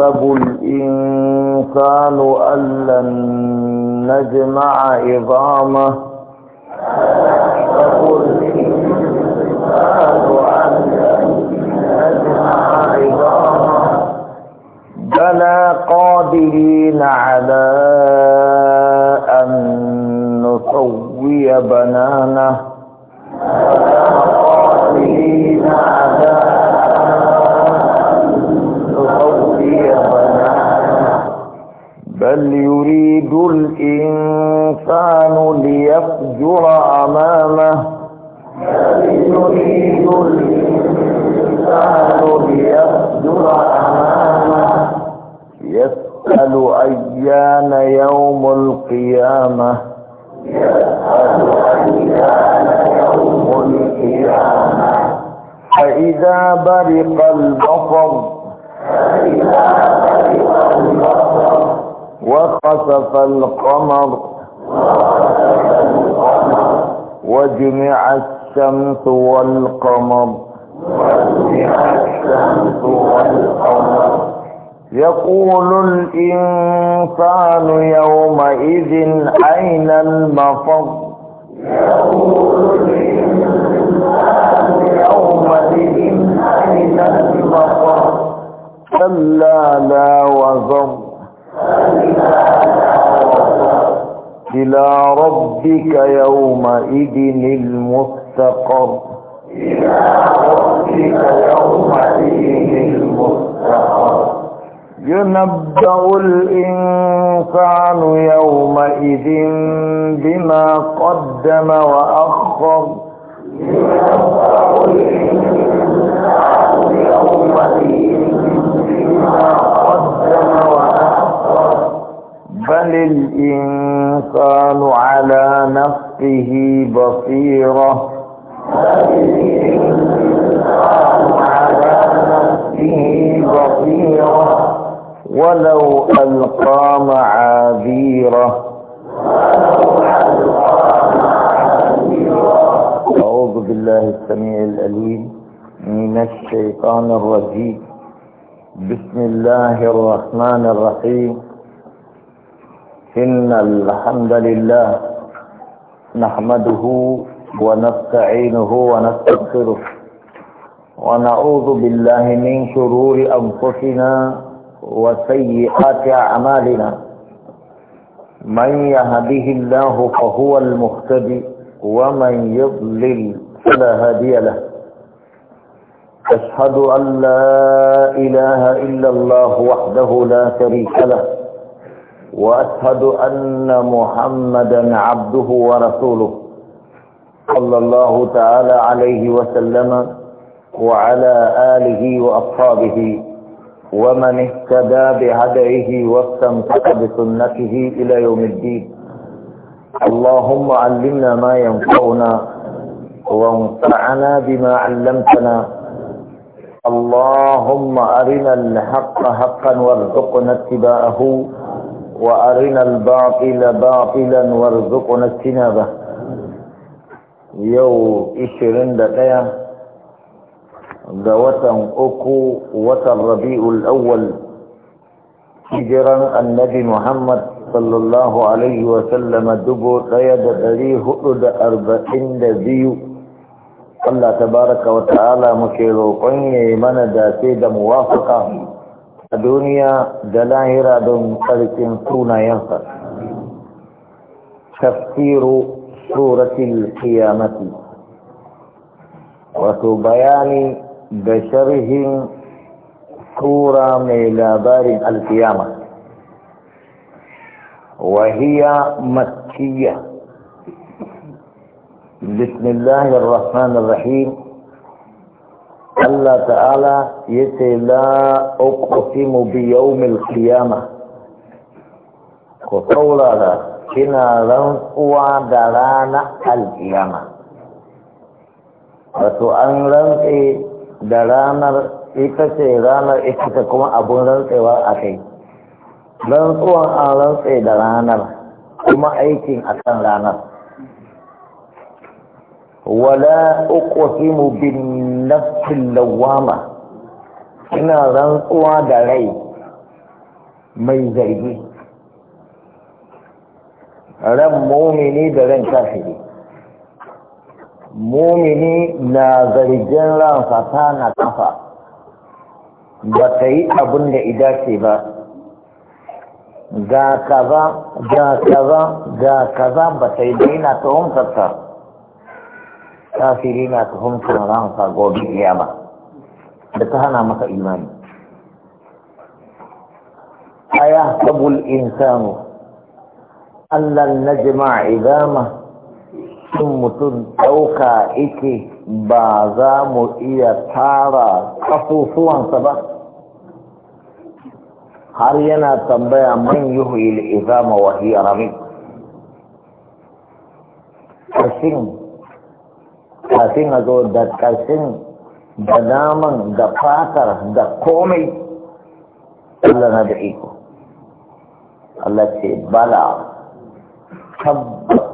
يحسب الإنسان أن لن نجمع عظامه يحسب الإنسان ألا نجمع عظامه بلى قادرين على أن نسوي بنانه يفجر أمامه أمامه يسأل أيان يوم القيامة يسأل أيان يوم القيامة فإذا برق البصر فإذا برق البصر وخسف القمر وخسف القمر وجمع الشمس والقمر وجمع الشمس والقمر يقول الإنسان يومئذ أين المفر يقول الإنسان يومئذ أين المفر كلا لا وزر كلا إلى ربك يومئذ المستقر إلى ربك يومئذ المستقر ينبأ الإنسان يومئذ بما قدم وأخر ينبأ الإنسان يومئذ بما قدم بل الإنسان على نفسه بصيرة بل الإنسان على نفسه بصيرة ولو ألقى معاذيره أعوذ بالله السميع الأليم من الشيطان الرجيم بسم الله الرحمن الرحيم إن الحمد لله نحمده ونستعينه ونستغفره ونعوذ بالله من شرور أنفسنا وسيئات أعمالنا من يهده الله فهو المهتدي ومن يضلل فلا هادي له أشهد أن لا إله إلا الله وحده لا شريك له وأشهد أن محمدا عبده ورسوله صلى الله تعالى عليه وسلم وعلى آله وأصحابه ومن اهتدى بهدعه واستمسك بسنته إلى يوم الدين اللهم علمنا ما ينفعنا وانفعنا بما علمتنا اللهم أرنا الحق حقا وارزقنا اتباعه وأرنا الباطل باطلا وارزقنا اجتنابه يو إشرين دقيقة دوة أكو الربيع الأول هجرا النبي محمد صلى الله عليه وسلم دبو قيد دريه هؤلاء أربعين دبيو الله تبارك وتعالى مشيروقين قيني من داسي موافقه الدنيا دلائر دم قلت كون ينفر تفسير سورة القيامة وتبيان بشرهم سورة ميلابار القيامة وهي مكية بسم الله الرحمن الرحيم Allah ta'ala ya ce la uqsimu bi yawmil qiyama ko saurara kina rantsuwa da rana alkiyama wato an rantse da ranar ita ce ranar ita kuma abun rantsewa a kai rantsuwan an rantse da ranar kuma aikin akan ranar wala uqsimu bin nafsil lawama ina rantsuwa da rai mai zargi ran mumini da ran kafiri mumini na zargin ransa ta na kafa ba ta yi abin da idace ba ga kaza ga kaza ga kaza ba ta yi daina ta hunkarta kafiri na tuhumtar ransa gobe kiyama da ta hana masa imani aya sabul insanu allan najma idama shin mutum ɗauka ike ba za mu iya tara ƙasusuwansa ba har yana tambaya man yuhu il izama wa hiya rami shin kafin a zo da ƙarshen da naman da fatar da komai Allah na da iko Allah ce bala tabbas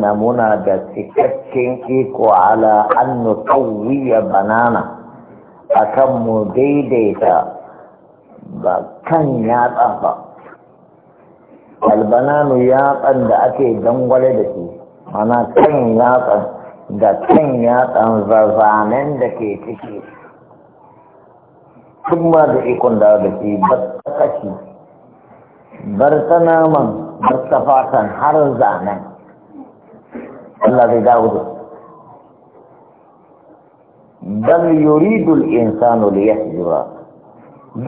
na muna da cikakken iko ala an nutawwiya banana a kan mu daidaita ba kan yatsa ba albananu yatsan da ake dangwale da shi mana kan yatsan da kan yatsan zazanen da ke ciki duk ma da ikon da da ke bar ta kashi bar ta naman bar ta fatan har zanen Allah zai dawo da bal yuridul insanu yahjura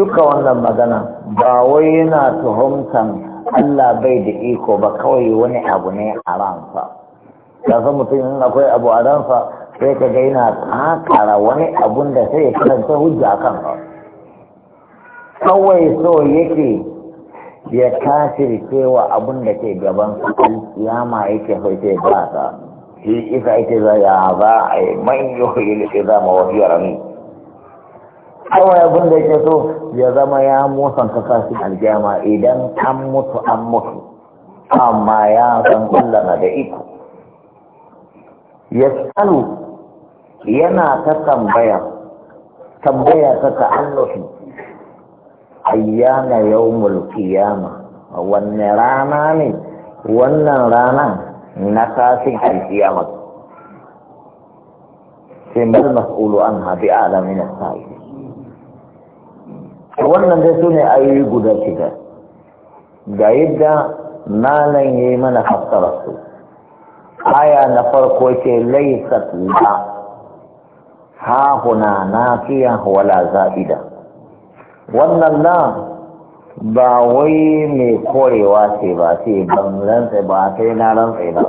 duka wannan magana ba wai yana tuhumtan Allah bai da iko ba kawai wani abu ne a ransa Ka san mutum in akwai abu a ransa sai ka ga yana kakara wani abun da sai ya karanta hujja a kan kawai so yake ya kafirce wa abun da ke gaban kiyama yake so sai ba ta shi isa ake za ya za a yi yi yoyi za ma wasu yarami kawai abun da yake so ya zama ya musanta kashi aljama idan an mutu an mutu amma ya san kullana da iko yasalu yana ta tambaya tambaya ta ta'allufi ayyana yawmul qiyama wanne rana ne wannan rana na tashin alkiyama sai mal mas'ulu an haɗi alamin sa'i wannan dai su ne ayoyi guda shida ga yadda malam ya yi mana fassara su aya na farko ke laisat la ha huna nafiya wala za'ida wannan na ba wai mai korewa ce ba ce ban rantsa ba sai na rantsa ba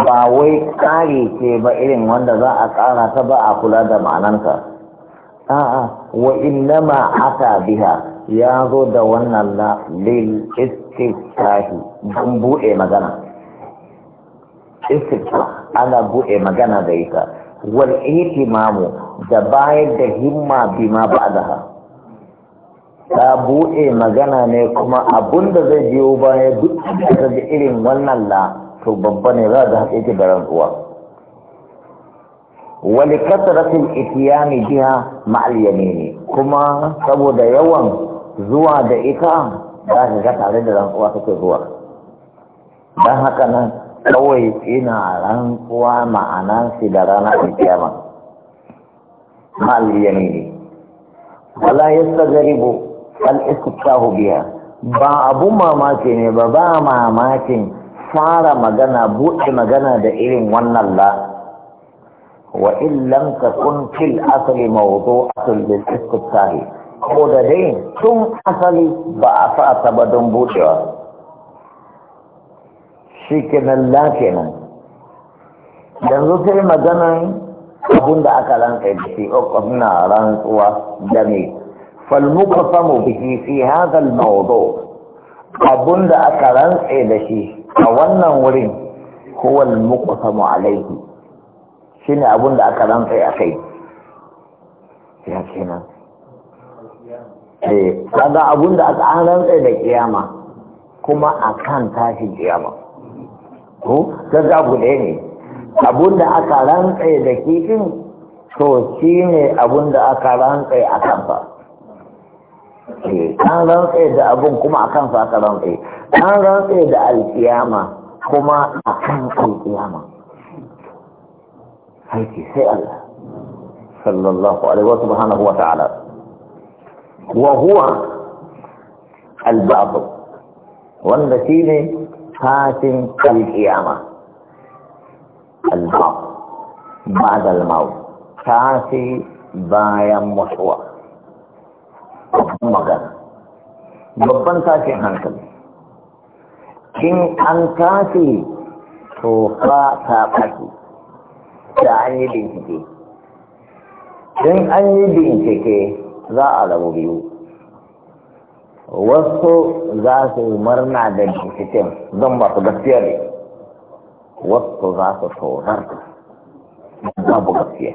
ba wai kare ce ba irin wanda za a kara ta ba a kula da ma'ananta a'a wa innama aka biha ya zo da wannan la lil istiftahi don buɗe magana istifta ana buɗe magana da ita wal ihtimamu da bayar da himma bima ba'daha ta buɗe magana ne kuma abunda zai biyo baya duk da irin wannan la to babba ne za ga haƙiƙi da rantsuwa wal kasratil itiyami biha ma'al yamini kuma saboda yawan zuwa da ita za ka ga tare da rantsuwa take zuwa dan haka nan kawai ina rantsuwa ma'anan shi da ranar kiyama ya yamini wala yastagribu al-istiftahu biya. ba abu mamaki ne ba ba mamakin fara magana buɗe magana da irin wannan la wa illam kun fil asali mawdu'atul bil istiftahi ko da dai tun asali ba a sa ta ba don buɗewa shi kenan la kenan yanzu sai maganan abun aka rantsa da shi oh, na rantsuwa da ne samu bihi fi hadha al-mawdu aka rantsa da shi a wannan wurin huwa al samu alayhi shine abun da aka rantsa akai ya kenan eh kaga abun aka rantsa da kiyama kuma a kan tashi kiyama ko don abu ɗaya ne abun da aka rantse da kifin to shi ne abun da aka rantse a kansa eh, an rantse da abun kuma a kansa aka rantse an rantse da alkiyama kuma a kan alkiyama aiki sai Allah sallallahu alaihi wa subhanahu wa ta'ala wa huwa al wanda shine fatin alkiyama al-maut ba al-maut kafi bayan mutuwa babban magana babban tashin hankali kin an tashi to ta fashi da an yi bincike Don an yi bincike za a rabu biyu wasu za su yi murna da binciken don ba su gaskiya ne wasu za su tsoron babu gaskiya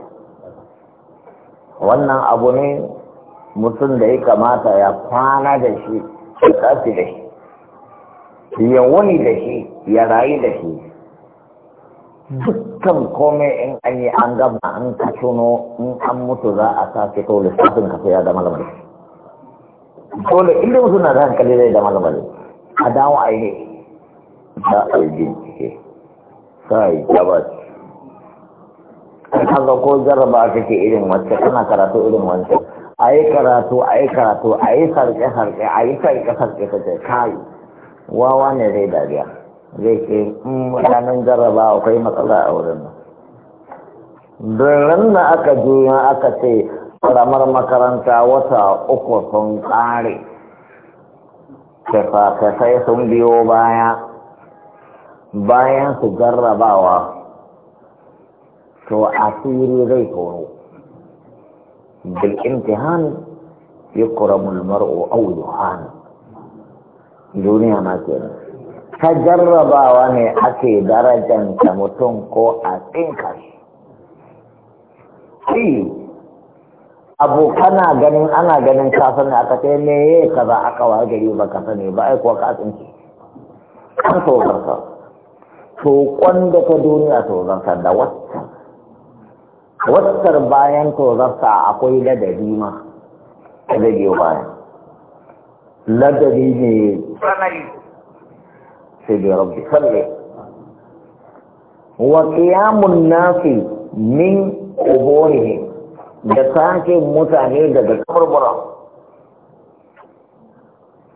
wannan abu ne mutum da ya kamata ya kwana da shi ya kafi da shi ya wuni da shi ya rayu da shi dukkan komai in an yi an gama an ka in an mutu za a sa fito lissafin kafa ya zama lamarin da inda musu na da hankali zai da malamari a dawo a yi da a yi bincike sai gabas kaga ko jarraba kake irin wancan kana karatu irin wancan a yi karatu a yi karatu a yi sarke-sarke a yi sarke-sarke kace kai wawa ne zai dariya zai ce mm, ranar jarraba akwai matsala a wurin nan don ran aka juya aka ce karamar makaranta wata uku sun ƙare tafa-tafai sun biyo baya bayan su jarrabawa to asiri zai koro bil'imtihan ya kuramul mar'u au yuhan duniya ma kenan ta jarrabawa ne ake darajanta mutum ko a tsinkar shi abu kana ganin ana ganin ka sani aka ce me yi kaza aka wa gari ba ka sani ba aikuwa ka tsinci Kan tozar ka tokon da ta duniya tozar ka da wata wattar bayan tozar ka akwai ladabi ma ta zage bayan ladabi ne tsanani sai bai rabbi salli wa qiyamun nasi min quburihim da sake mutane daga kaburbura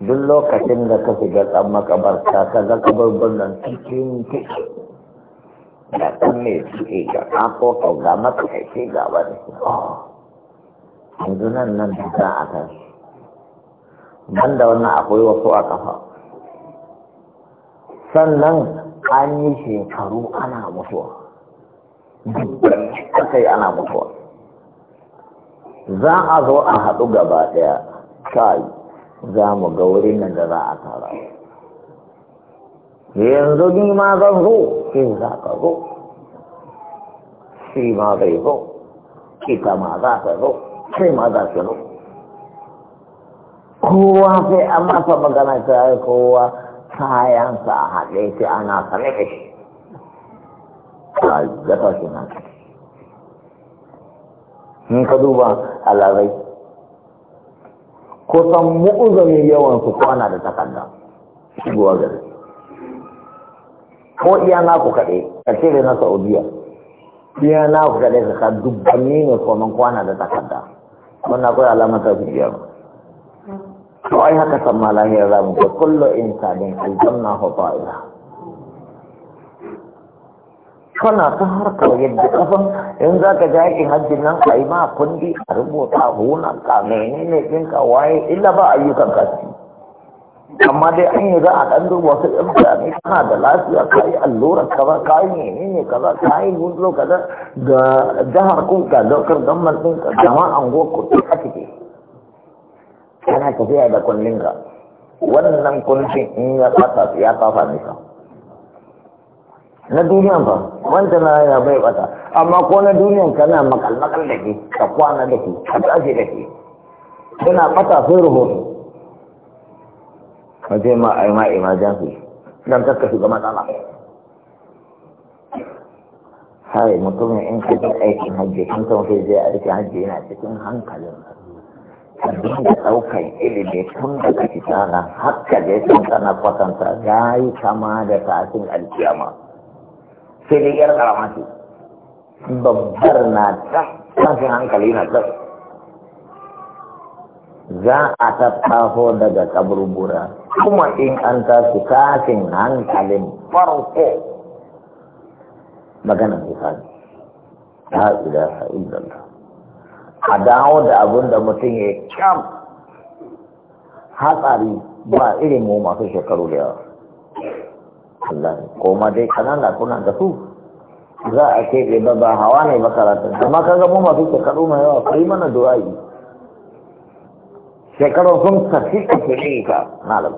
duk lokacin da ka shiga tsan makabarta ka ga nan cikin ciki da ɗan mai ciki ga ƙafo ga makaici ga wani yanzu nan nan da za a kan ban da wannan akwai wasu a kafa sannan an yi shekaru ana mutuwa dubban aka yi ana mutuwa za a zo a haɗu gaba ɗaya kai za mu ga wurin nan da za a tara yanzu ni ma zan zo sai za ka zo shi ma zai zo ita ma za ta zo sai ma za ta zo kowa sai an masa magana ta kowa kayansa a haɗe shi ana sane da shi ga tashi na in ka duba alarai kusan mu'uzamin yawan su kwana da takarda shigowa gari ko iya naku kaɗe a cire na saudiya iya naku kaɗai ka ka dubbanni ne kwanan kwana da takarda wannan kawai alamata su biya to ai haka san malahiyar zamu ko kullu insanin aljanna huta'ila kana ta harkar yadda kafan in za ka ja yakin hajjin nan ka yi ma kundi a rubuta hunan ka menene ɗinka waye illa ba ayyukan kasi amma dai an yi za a ɗan duba su ɗan bayani, kana da lafiya ka yi allura, kaza ka yi menene kaza ka yi gudulo kaza ga jihar ku ga daukar gamman ɗin ka gama go ku ɗin a ciki kana tafiya da kundin ka wannan kundin in ya fata ya fafa nisa na duniyan ba wanda na ya bai bata amma ko na duniyan kana makal makal da ke ka kwana da ke ka tashi da ke yana bata sai rubutu kaje ma ai ma jan emergency dan ka shiga matsala hai mutumin in ka ji aikin hajji kan san sai zai a rike hajji yana cikin hankalin ka dinga ɗaukan ilimi tun daga fitara, har ka je tun kana kwatanta ya yi kama da tafin alkiyama sai dai yar karama ce babbar na ta tashin hankali na ta za a tattaho daga kaburbura kuma in an tashi tashin hankalin farko magana hisabi ta ilaha illallah a dawo da abin da mutum ya kyam hatsari ba irin mu masu shekaru da yawa Allah koma dai kanana kuna da su za a keɓe ba ba hawa ne ba karatun amma kaga mu masu kado mai yawa kai mana du'a'i shekarun sun tafi tafi ne ka malam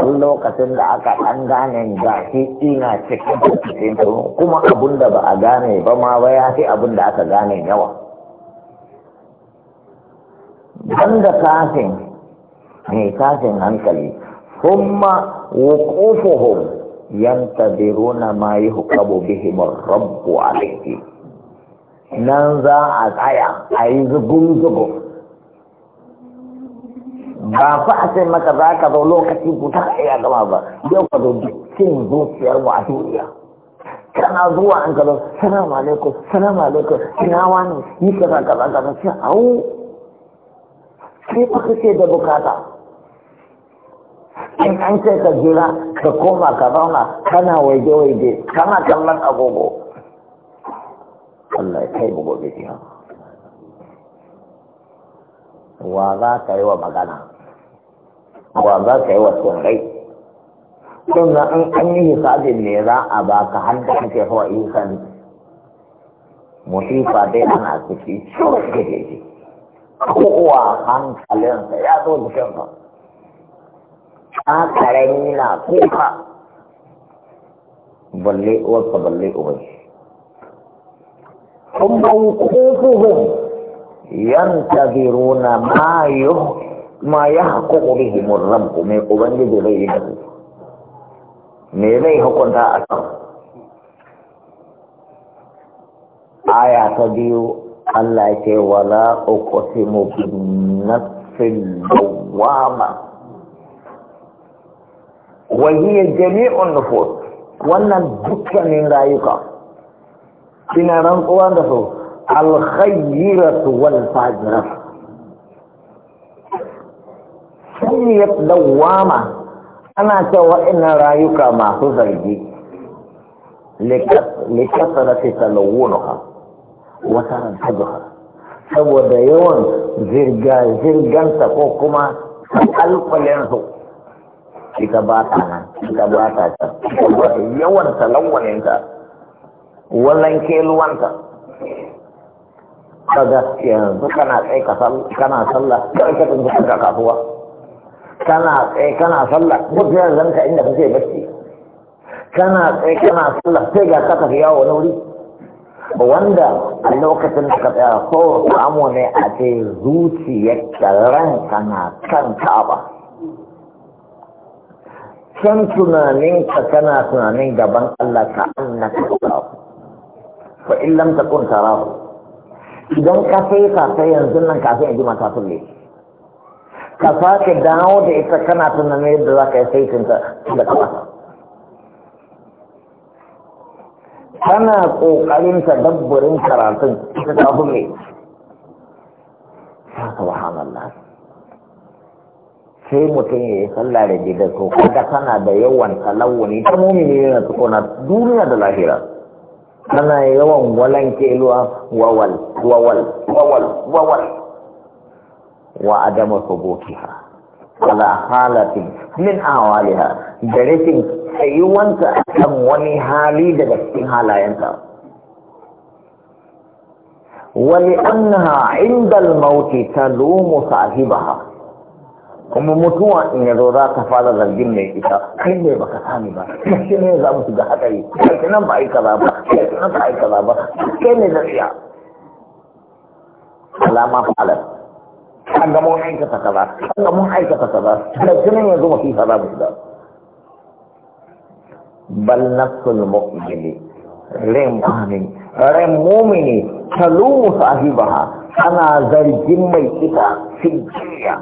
tun lokacin da aka ɗan gane ga shi ina cikin cikin kuma abun da ba a gane ba ma ba ya fi abun da aka gane yawa banda kafin mai kafin hankali thumma wuqufuhum yantadiruna ma yuhqabu bihim ar-rabb alayhi nan za a tsaya a yi zugun zugun ba fa a ce maka za ka zo lokaci guda a yi gama ba yau ka zo dukkin zuciyar mu a duniya kana zuwa an kaza salamu alaikum salamu alaikum ina wani yi kaza kaza kaza sai au sai fa kace da bukata in an ce ka jira ka koma ka zauna kana waje-waje kana kallon agogo Allah ya kai mu gobe kiyama wa za ka yi wa magana wa za ka yi wa tsirrai sannan an an yi hisabin ne za a ba ka har da kake hawa isan musifa dai ana ciki shuru kake ji kowa hankalinsa ya zo jikinsa ɗa ƙarami na kuka balle uwarsa balle uban kun ban kufuhun yantaziruna na mayo ma ya haƙoƙo bihimur rabbu mai ubangiji zai yi me zai hukunta a kan aya ta biyu Allah ke wala uqsimu bin nafsil lawwama وهي جميع النفوس وانا دكا من رايقا فينا رمقوا نفو الخيرة والفاجرة سيئة دوامة انا سوى ان رايقا ما تزيدي لكثرة تلوونها وتنتجها سوى ديون زرقا زرقا تقوكما تقلق لنهو ita ba ta nan ita ba ta can yawan talawwaninta wannan keluwanta kaga yanzu kana tsaye kana sallah ka tun ka kasuwa kana tsaye kana sallah duk yanzu ka inda kake bacci kana tsaye kana sallah sai ga ka tafi yawo wani wuri wanda a lokacin da ka tsaya ko samu ne a ce zuciyar ranka na kan ka'aba can tunaninka kana tunanin gaban Allah ka ka tarahu fa in lam takun tarahu idan ka sai ka sai yanzu nan kafin in ajima ta sulle ka sake dawo da ita kana tunanin yadda za ka yi sai tunta da kama kana kokarin dabburin karatun ita ta sulle sai mutum ya yi sallah da gida to kaga kana da yawan talawuni ta mumini yana tukuna duniya da lahira tana yawan walan keluwa wawal wawal wawal wawal wa adama subukiha ala halatin min awaliha da rikin tsayuwanta a kan wani hali daga cikin halayenta Wani annaha inda almauti ta lomo sahibaha kuma mutuwa in ya za ka fara zargin mai ita kai ne baka sani ba kai ne za mu shiga hadari kai nan ba a ba kai nan ba a yi kaza ba kai ne da tsiya alama fa'alar an ga mun aikata kaza an ga mun aikata kaza da nan ya zo mu fi kaza mu shiga bal nafsul mu'mini rin mu'min rin mu'mini talumu sahibaha ana zargin mai ita fi jiya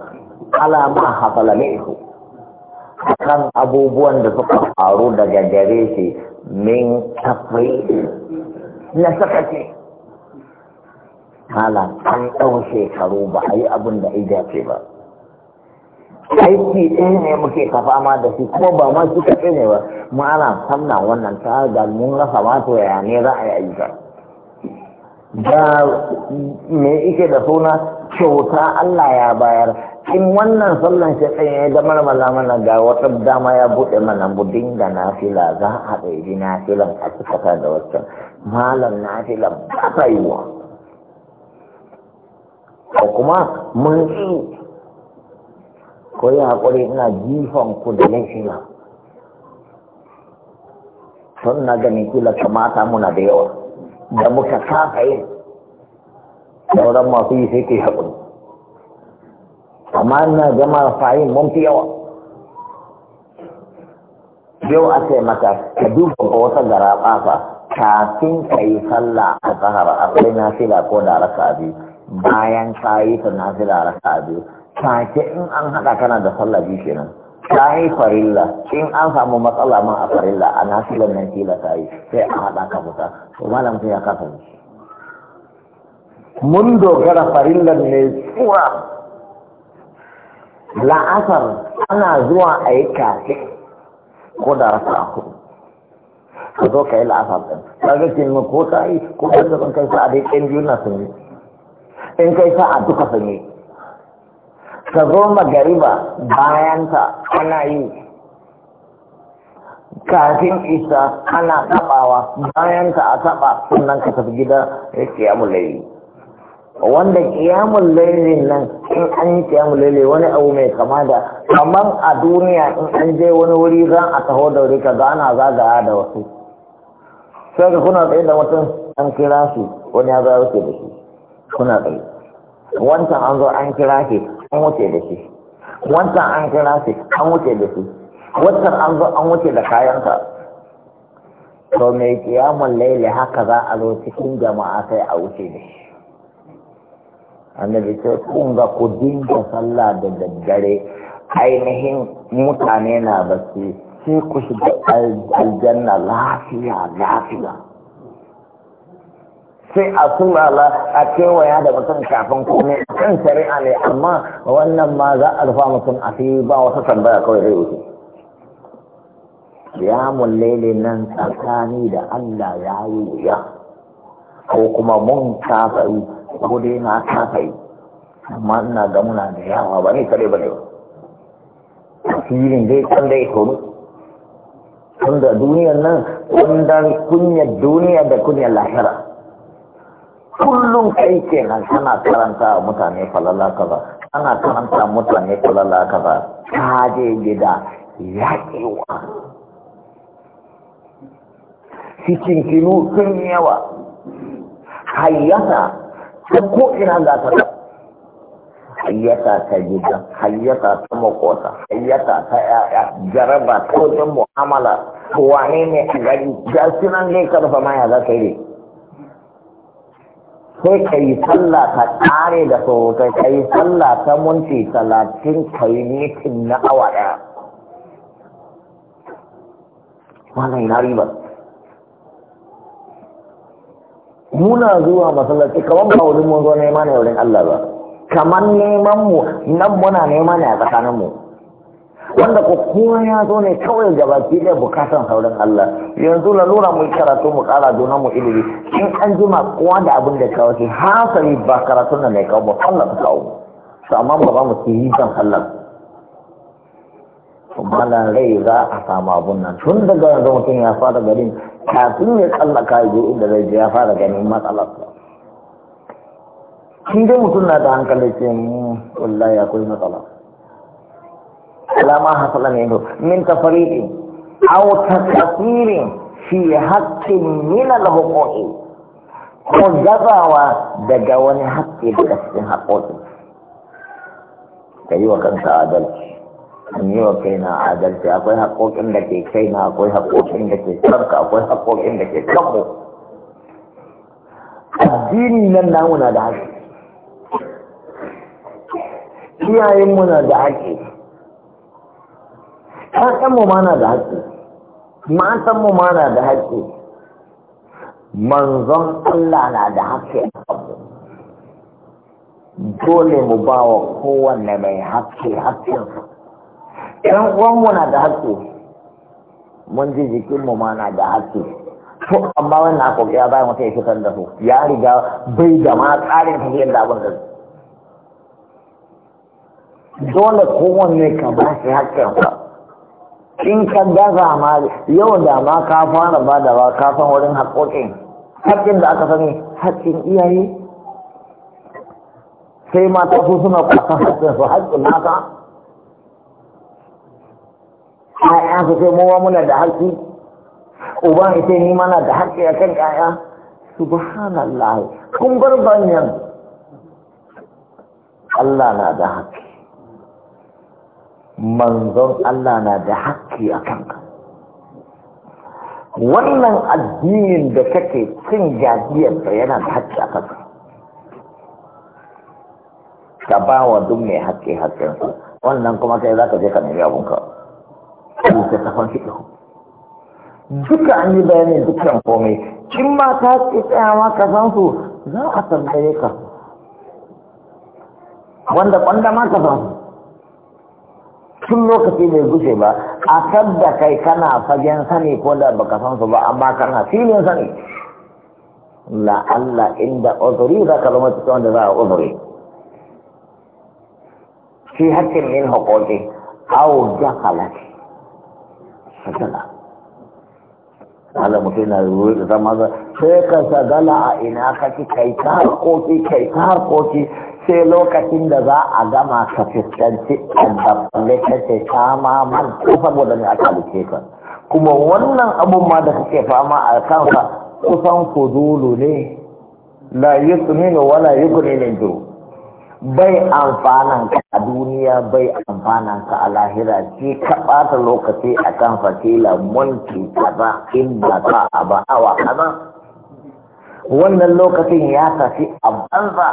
ala ma hasala minhu kan abubuwan da suka faru daga gare shi min tafai na ce hala an ɗau shekaru ba a yi abin da ija ce ba aiki ɗaya ne muke ka fama da shi ko ba ma suka ce ne ba mu ana samna wannan ta da mun rasa ma ya ne za a yi aiki da me ike da suna kyauta Allah ya bayar in wannan sallan shaitan ya damar mala mana ga wata dama ya buɗe mana mu dinga nafila za a ɗaiɗi nafilan a cikata da waccan malam nafilan ba ta yi wa ko kuma mun yi ko yi haƙuri ina jifan ku da laifina sun na ganin kila kamata muna da yawa da muka kafa yin sauran masu yi sai ke haƙuri amma na zama fa'in mun fi yawa yau a ce maka ka duba ga wata gara ƙafa kafin ka yi sallah a zahar akwai fila ko da raka biyu bayan ka yi ta nafila raka biyu take in an haɗa kana da sallah biyu kenan ta yi farilla in an samu matsala ma a farilla a fila nan fila ta yi sai a haɗa ka fita to malam ya kasance. mun dogara farillar ne tsura la'asar ana zuwa a yi kafin ko da rasa a kudu ka zo ka yi la'asar ɗin kaga ke nuna ko ta yi ko ta zaɓin kai a dai ɗan biyu na sun yi in kai a duka sun yi ka zo magariba ta ana yi kafin isa ana taɓawa bayan ta a taɓa sannan ka tafi gida ya ce ya wanda kiyamun laili nan in an yi kiyamun laili wani abu mai kama da kamar a duniya in an je wani wuri za a taho da wuri ga ana zagaya da wasu sai ka kuna tsaye da mutum an kira shi wani ya zaya wuce da shi kuna tsaye wancan an zo an kira shi an wuce da shi wancan an kira shi an wuce da shi wancan an zo an wuce da kayansa to mai kiyamun laili haka za a zo cikin jama'a sai a wuce da shi annabi ce kun ga ku dinga sallah da daddare ainihin mutane na basi, sai ku shiga aljanna lafiya lafiya sai a sulala a kewaya da mutum kafin a kan shari'a ne amma wannan ma za a rufa mutum a fi ba wata tambaya kawai zai wuce Ya laili nan tsakani da allah ya yi wuya ko kuma mun kafa ko dai na kasa yi amma ina ga muna da yawa ba ne kare ba ne ba filin dai kan dai horo tun da duniyar nan kundan kunyar duniya da kunyar lahira kullum kai kenan kana karanta mutane falala kaza ana karanta mutane falala kaza ka je gida yaƙewa cikin kinu sun yawa hayyata har ko ina za ta ta hayyata ta gida hayyata ta makota hayyata ta yaya jaraba ta wajen mu'amala wane ne a gari ga sunan zai karfa maya za ka yi sai ka yi sallah ta kare da sautai ka yi sallah ta munti talatin ka yi mitin na awa ɗaya wannan na ribar muna zuwa masallaci kamar ba wurin mun zo nema ne wurin Allah ba kamar neman mu nan muna nema ne a tsakanin mu wanda ko kowa ya zo ne kawai gaba ki da bukatan sauran Allah yanzu lalura mu karatu mu kara juna mu ilimi in an jima kowa da abin da kawo shi hasali ba karatun ne kawo ba Allah ta kawo amma ba mu ci yi kan Allah malan rai za a samu abun nan tun daga yanzu mutum ya fara garin kafin ya tsallaka ya inda zai je ya fara ganin matsalar shi dai mutum na da hankali ce mu hmm, wallahi akwai matsala alama hasala ne to min tafariqi aw takasirin fi haqqin min al-huquqi ko gazawa daga wani haƙƙi daga cikin haƙƙoƙi ka yi wa kanka adalci in yi wa kaina adalci akwai haƙoƙin da ke kaina akwai haƙoƙin da ke kanka akwai haƙoƙin da ke kanmu addini nan namu na da haƙi iyayenmu na da haƙi ƴaƴanmu ma na da haƙi matanmu ma na da haƙi manzon Allah na da haƙƙi dole mu ba wa kowanne mai haƙi haƙinsa ɗan mu na da haƙƙi mun ji jikinmu ma na da haƙƙi to amma wannan haƙoƙi ya bayan wata ya fitar da su ya riga bai da ma tsarin tafiyar da abin da dole kowanne ka ba shi haƙƙinsa in ka gaza ma yau da ma ka fara ba da ba ka san wurin haƙoƙin haƙƙin da aka sani haƙƙin iyaye sai mata su suna kwasan haƙƙin su haƙƙin mata ƴaƴan sai mowa muna da haƙƙi uban ita ni mana da haƙƙi akan ƴaƴa subhanallah kun bar banyan Allah na da haƙƙi manzon Allah na da haƙƙi a ka. wannan addinin da kake cin gajiyarsa yana da haƙƙi a kan ka ba wa duk mai haƙƙi haƙƙinsa wannan kuma kai za ka je ka nemi abun abunka littattafan fiƙihu duka an yi bayanin dukkan komai kin ma ta ƙi tsayawa ka san su za a tambaye ka wanda kwanda ma ka san su tun lokaci bai gushe ba a sadda kai kana fagen sani ko da baka san su ba amma kana filin sani la Allah inda uzuri za ka zama cikin wanda za a uzuri shi hakkin min haƙoƙi aw jahalat sagala ala mutum na ruwa da zama za sai ka sagala a ina kake kai ta harkoki kai ta harkoki sai lokacin da za a gama ka fuskanci addaballe ka ce ta ma man ko saboda ne aka halice ka kuma wannan abun ma da suke fama a kansa kusan fudulu ne la yusminu wala yughni min juru bai amfanan ka a duniya bai amfanan ka a lahira ce ka ɓata lokaci a kan fatila mulki ba in ba ta a ba awa kaza wannan lokacin ya tafi a banza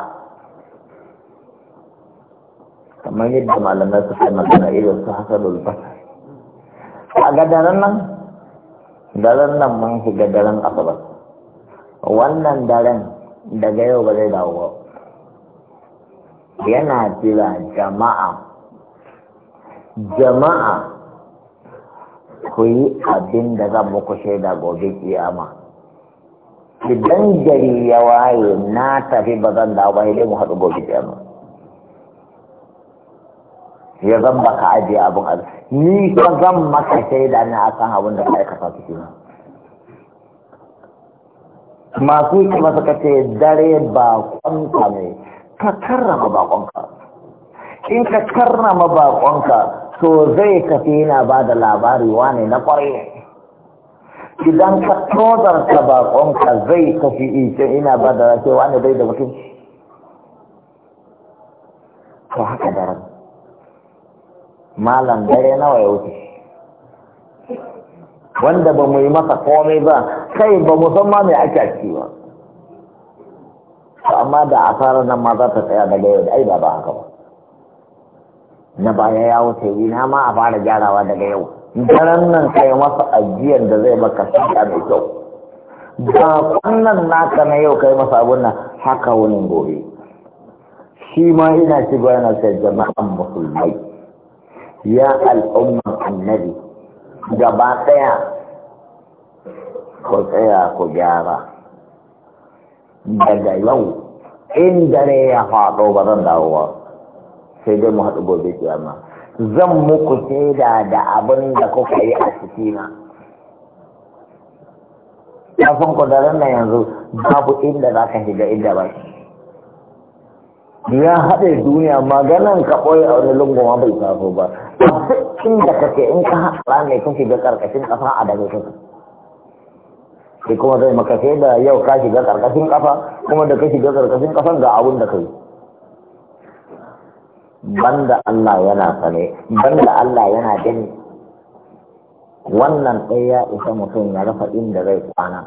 kamar yadda malamai su kai magana irin su haka basar a ga daren nan daren nan mun shiga daren asabar wannan daren daga yau ba zai dawo ba yana jira jama'a jama'a ku yi abin da zan muku shaida gobe kiyama idan gari ya waye na tafi ba zan dawo ba mu haɗu gobe kiyama ya zan baka ajiye abin ni fa zan maka shaida na akan abin da ka kasa su kenan masu kuma suka ce dare ba kwanta ne ka karrama bakonka in ka karrama bakonka to zai kafi yana ba da labari wane na kwarai ne idan ka tozarta bakonka zai tafi ishe ina ba da rashe wane bai da mutum to haka daren malam dare nawa ya wuce wanda ba mu yi masa komai ba kai ba mu san ma mai ake ciki ba amma da asarar nan ma za ta tsaya daga yau da ai ba ba haka ba na baya ya wuce ina ma a fara gyarawa daga yau daren nan kai masa ajiyar da zai baka sanya mai kyau ba kwanan naka na yau kai masa abun nan haka wani gobe shi ma ina shiga yana sai jama'an musulmai ya al'ummar annabi gaba ɗaya Ko tsaya ko gyara daga yau in dare ya faɗo ba zan dawo ba sai dai mu haɗu gobe kiyama zan muku shaida da abin da kuka yi a cikina Ya ku daren nan yanzu babu inda za ka shiga inda ba ya haɗe duniya maganan ka ɓoye a wani lungu ma bai taso ba duk inda kake in ka haɗa ne kun shiga ƙarƙashin ƙasa a daga kusa? sai kuma zai maka sai da yau ka shiga karkashin kafa kuma da ka shiga karkashin kafan ga abun da kai banda Allah yana sane banda Allah yana gani wannan ɗaya ya isa mutum ya rasa inda zai kwana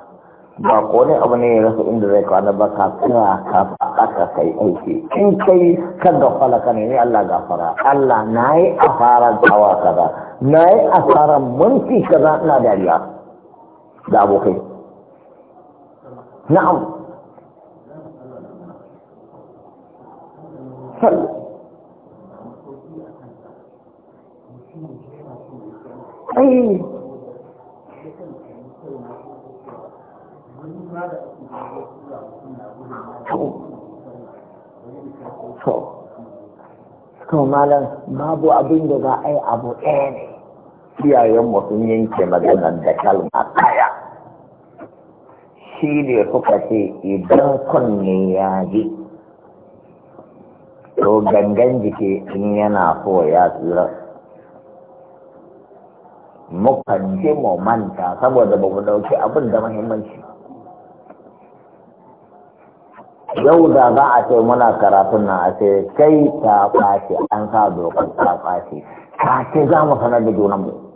ba ko ne abu ne ya rasa inda zai kwana ba ka kira ka ka kai aiki in kai ka gafala ka ne Allah gafara Allah na yi asaran kawa kaza na yi asaran munci kaza ina dariya da abokai na'am to malam babu abin da za a yi abu ɗaya ne iyayenmu yanke maganar da kalma ɗaya shi ne suka ce idan kunne ya ji to gangan jiki in yana so ya tsira muka ji mu manta saboda ba mu ɗauki abin da muhimmanci yau da za a ce muna karatun nan a ce kai ta kwashe an sa dokar ta kwashe ta ce za mu sanar da junanmu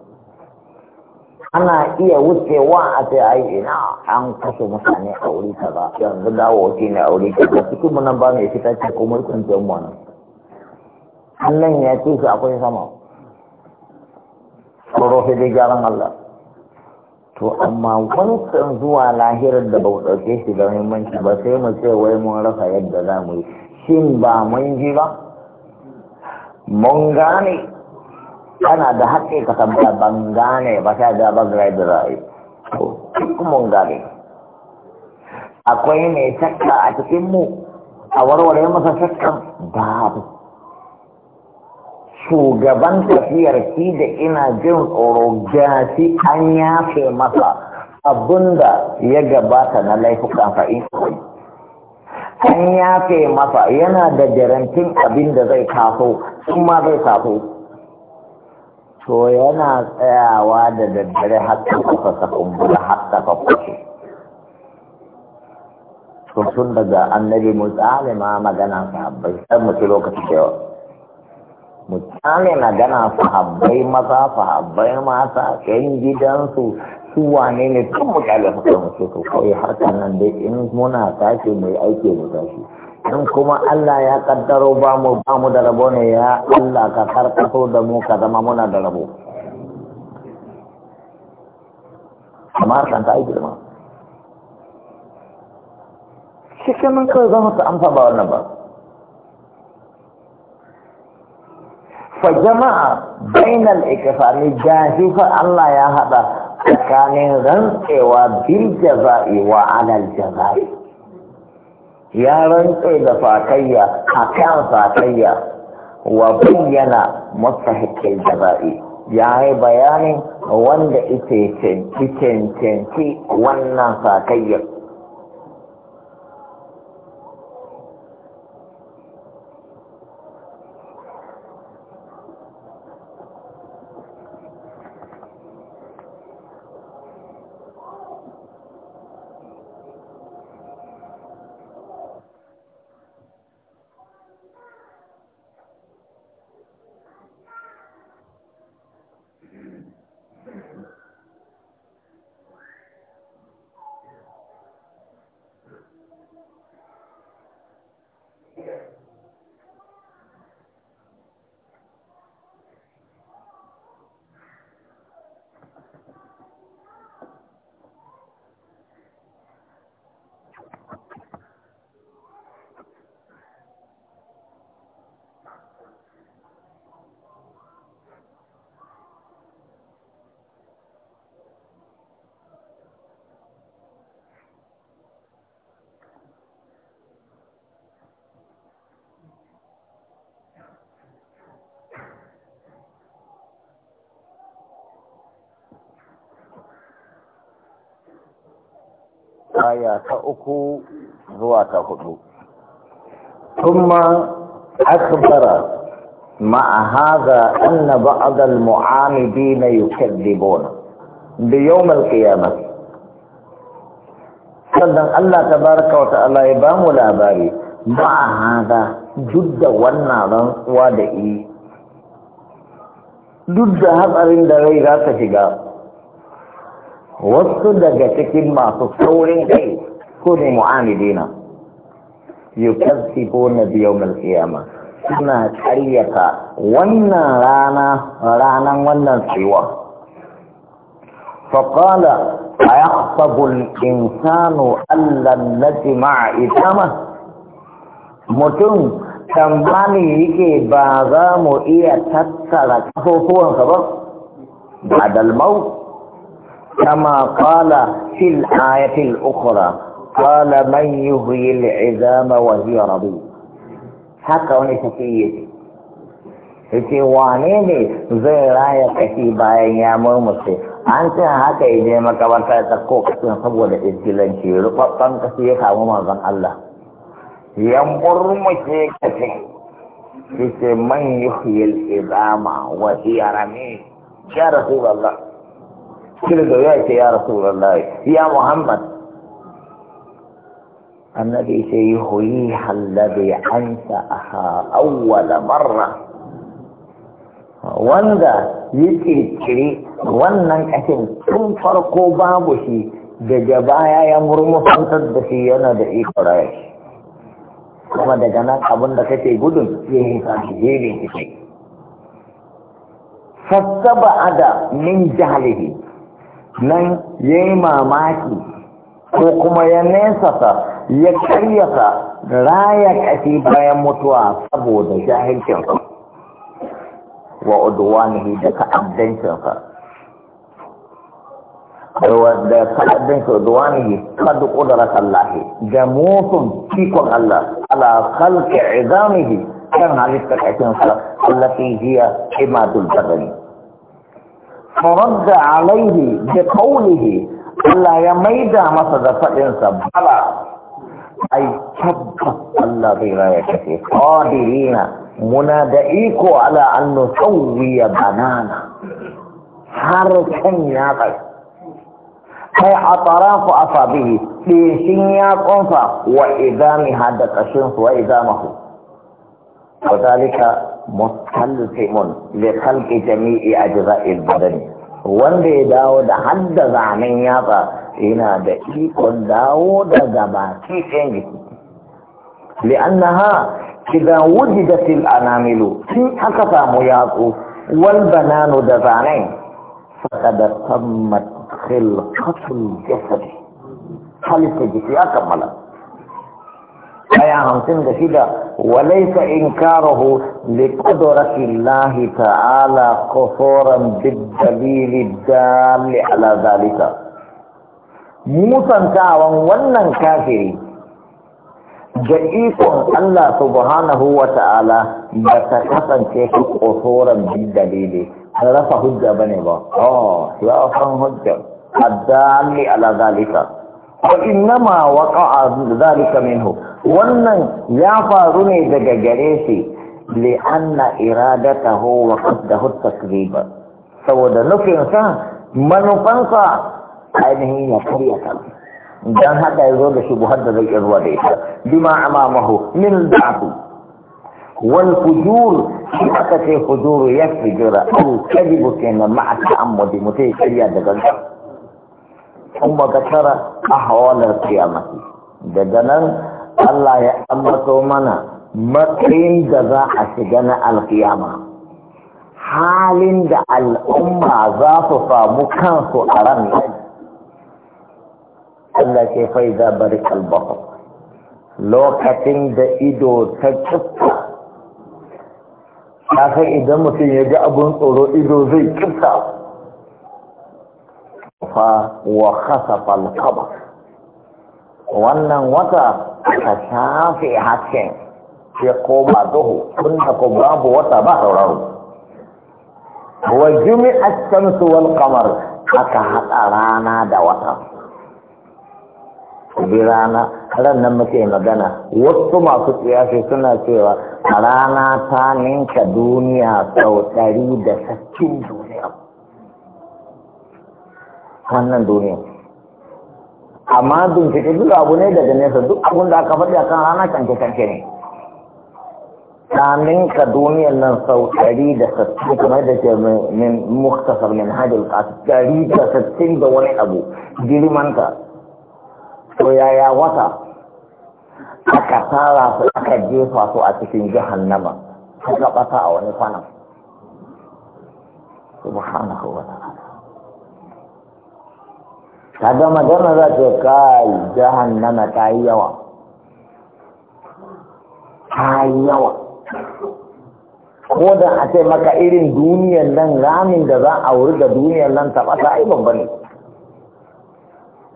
ana iya wucewa a ce yi ina an kashe mutane a wuri ta ba, yanzu dawo wuce ne a wuri ta ba cikin mu nan ba mai fita ce ko mulkin jan mu nan Allah ya ce su akwai sama tsoro sai dai gyaran Allah to amma wancan zuwa lahirar da ba mu ɗauke shi da muhimmanci ba sai mu ce wai mun rasa yadda za mu yi shin ba mun ji ba mun gane kana da haƙƙi ka tambaya ban gane ba sai da ban gane da ra'ayi to mun gane akwai mai shakka a cikin mu a warware masa shakkan babu shugaban tafiyar shi da ina jin tsoro gashi an yafe masa da ya gabata na laifukan fa'in an yafe masa yana da jarantin abin da zai taso kuma zai taso to yana tsayawa da daddare har ta kusa kumbura har ta kusa to tun daga annabi mutsali ma magana sahabbai sai mu ci lokaci da yawa mutsali magana sahabbai maza sahabbai mata yan gidansu su wane ne tun mu kyale su kai mu ce to kawai harkar nan dai in muna tashi mai aiki mu tashi don kuma Allah ya kaddaro ba mu ba mu da rabo ne ya Allah ka karkato da mu ka zama muna da rabo amma kan ta aiki ma shi mun ka zama ta amsa ba wannan ba fa jama'a bainal ikfami jahifa Allah ya hada tsakanin rantsewa bil jaza'i wa alal jaza'i ya rantse da fakayya a kan fakayya wa bayyana mustahiqil jaba'i ya yi bayanin wanda ita cancanci wannan fakayyar aya ta uku zuwa ta hudu kuma akbara مع هذا أن بعض المعاندين يكذبون بيوم القيامة sannan Allah baraka wa ta'ala ya ba mu labari ba hada duk da wannan rantsuwa da yi duk da hatsarin da rai za ta shiga wasu daga cikin masu saurin kai ko ne mu'amidina yukazzibu na biyawmal qiyama suna karyata wannan rana ranan wannan tsayuwa فقال أيحسب الإنسان ألا نجمع إثمه متن tambani yake ba za mu iya tattara kafofuwansa ba ba dalmau كما قال في الآية الأخرى قال من يهي العظام وهي ربي رضي حتى أن تفيد في وانين زرايا كتيبا يا مرمسي أنت هكا إذا ما كبرت تكوك تنصب ولا إذن شيء لقطة كثيرة كم ما ظن الله يمر مشيكتي في من يحيي العظام وهي رمي يا رسول الله kira da ya ce ya rasulullahi ya muhammad annabi sai yi hoyi ya an a awwala marra wanda yi kirkiri wannan kashin tun farko babu shi daga baya ya murmusantar da shi yana da ikon kuma daga nan abin da kake gudun ya yi sami jere kai fassaba ada min jahalihi nan ya yi mamaki ko kuma ya nesa ta ya karyata raya ƙashi bayan mutuwa saboda jahilcinsa wa udwanihi da ta'addancinsa da ta'addanci udwanihi kad qudrat Allah da mutum cikon Allah ala khalqi izamihi kan halitta kashin sa allati hiya imadul badani فرد عليه بقوله الا يا ميدا ما صدفت انسا بلا اي كبت الله غير يا شكي قادرين منا دئيكو على ان نسوي بنانا حركن يا بي اي اطراف اصابه بيشن يا قنفا واذا مهدك الشنف واذا مهو وذلك mutaltimun li khalqi jami'i ajza'il badani wanda ya dawo da hadda zanen yatsa yana da ikon dawo da gaba cikin jiki da kida wujidat al-anamilu tin aka samu yatsu wal bananu da zanen faqad tammat khilqatul jasad halitta jiki ya kammala aya hamsin da shida walaisa inkarahu liqudrati Allah ta'ala kufuran bid-dalil ala zalika musantawan wannan kafiri ga ikon Allah subhanahu wa ta'ala ba ta kasance shi kufuran bid-dalil rasa hujja bane ba oh ya san hujja ad ala zalika innama waƙa'a zalika minhu wannan ya faru ne daga gare shi li anna iradatahu wa qaddahu takriba saboda nufin sa manufan sa ainihin ya karya kan dan haka yazo da shubuhar da zai zuwa da ita bima amamahu min da'u wal fujur shi aka ce fujur ya fujura al kadibu kenan ma'a ta'ammudi mutai kariya daga gaskiya kuma ka tara ƙahawalar kiyama daga nan Allah ya ambato mana matsayin da za a shiga na alkiyama halin da al'umma za su samu kansu a ran nan Allah ke fai za bari kalbaho lokacin da ido ta kifta. ta idan mutum ya ga abin tsoro ido zai kifta. fa wa khasafa al wannan wata ta shafe hasken sai koma duhu tunda ko babu wata ba sauraro wa jumi'a shamsu wal qamar aka hada rana da wata bi rana ran nan muke magana wasu masu tsiyashi suna cewa rana ta ninka duniya sau ɗari da sakin wannan duniya amma bincike duk abu ne daga nesa duk abun da aka faɗi a kan rana kanke-kanke ne kamin ka duniyar nan sau ɗari da sassin kamar da ke min muktasar min hajjal ɗari da sassin da wani abu girmanta to yaya wata aka tara su aka jefa su a cikin jahannama suka ɓata a wani kwanan subhanahu wa ta'ala kaga magana za ta kai jahannama ta yi yawa ta yi yawa ko da a ce maka irin duniyar nan ramin da za a wuri da duniyar nan taɓa ta yi babba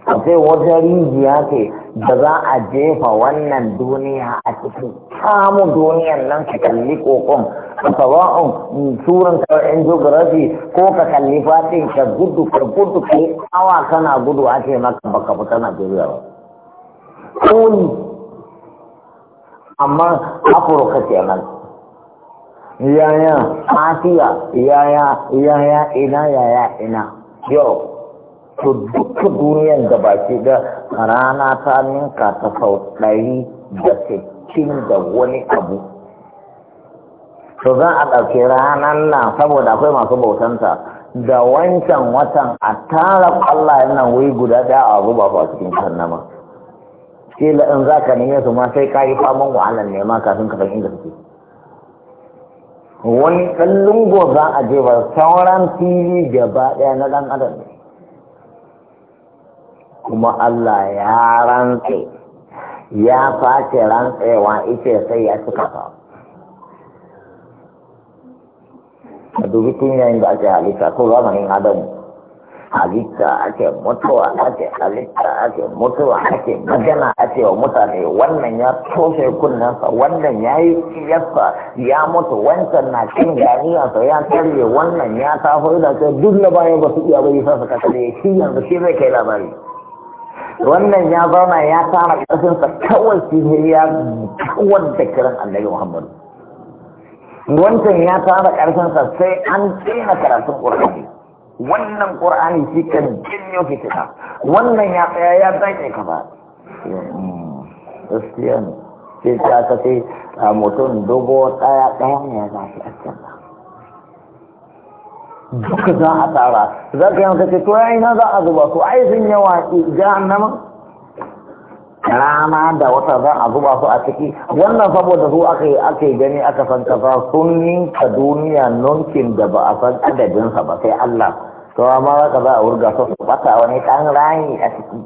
a ce wata rijiya ce da za a jefa wannan duniya a cikin samun duniyar nan ka kalli kokon sawa'un suran zo geography ko ka kalli fatin ka gudu ka gudu awa kana gudu a ce maka baka fita Najeriya ba kuni amma afirka ce nan yaya asiya yaya yaya ina yaya ina yau to duka duniyan da baki da rana ta ninka ta sau ɗari da cikin da wani abu to zan a ɗauke ranar nan saboda akwai masu bautanta da wancan watan a tara ƙwallayen nan wuri guda ɗaya a zuba su a cikin jahannama kila in za ka neme su ma sai ka yi faman wahalar nema kafin ka fahimta inda suke wani ɗan lungo za a je ba sauran fili gaba ɗaya na ɗan adam ne kuma Allah ya rantse ya face rantsewa ita sai ya cika ta a dubi tun yayin da ake halitta ko zamanin adamu halitta ake mutuwa ake halitta ake mutuwa ake magana ake wa mutane wannan ya toshe kunnensa wannan ya yi kiyarsa ya mutu wancan na cin ganiyarsa ya karye wannan ya taho da ce duk da ba su iya bai sa su kasale shi yanzu shi zai kai labari wannan ya zauna ya tara ƙarfinsa kawai shi ya kawar da kiran annabi muhammadu wancan ya tara sa sai an tsina karatun ƙur'ani wannan ƙur'ani shi kan janyo fitina wannan ya tsaya ya zaƙe ka ba hmm, gaskiya ne sai ta ka ce a mutum dogo ɗaya ɗaya ne ya za shi a can ba duka za a tsara za ka yi wata ce to ya ina za a zuba su ai sun yawa jahannama rana da wata za a zuba su a ciki wannan saboda su aka yi ake gani aka san kasa sun ninka duniya nunkin da ba a san adadinsa ba sai Allah to amma ka za a wurga su su bata wani ɗan rani a ciki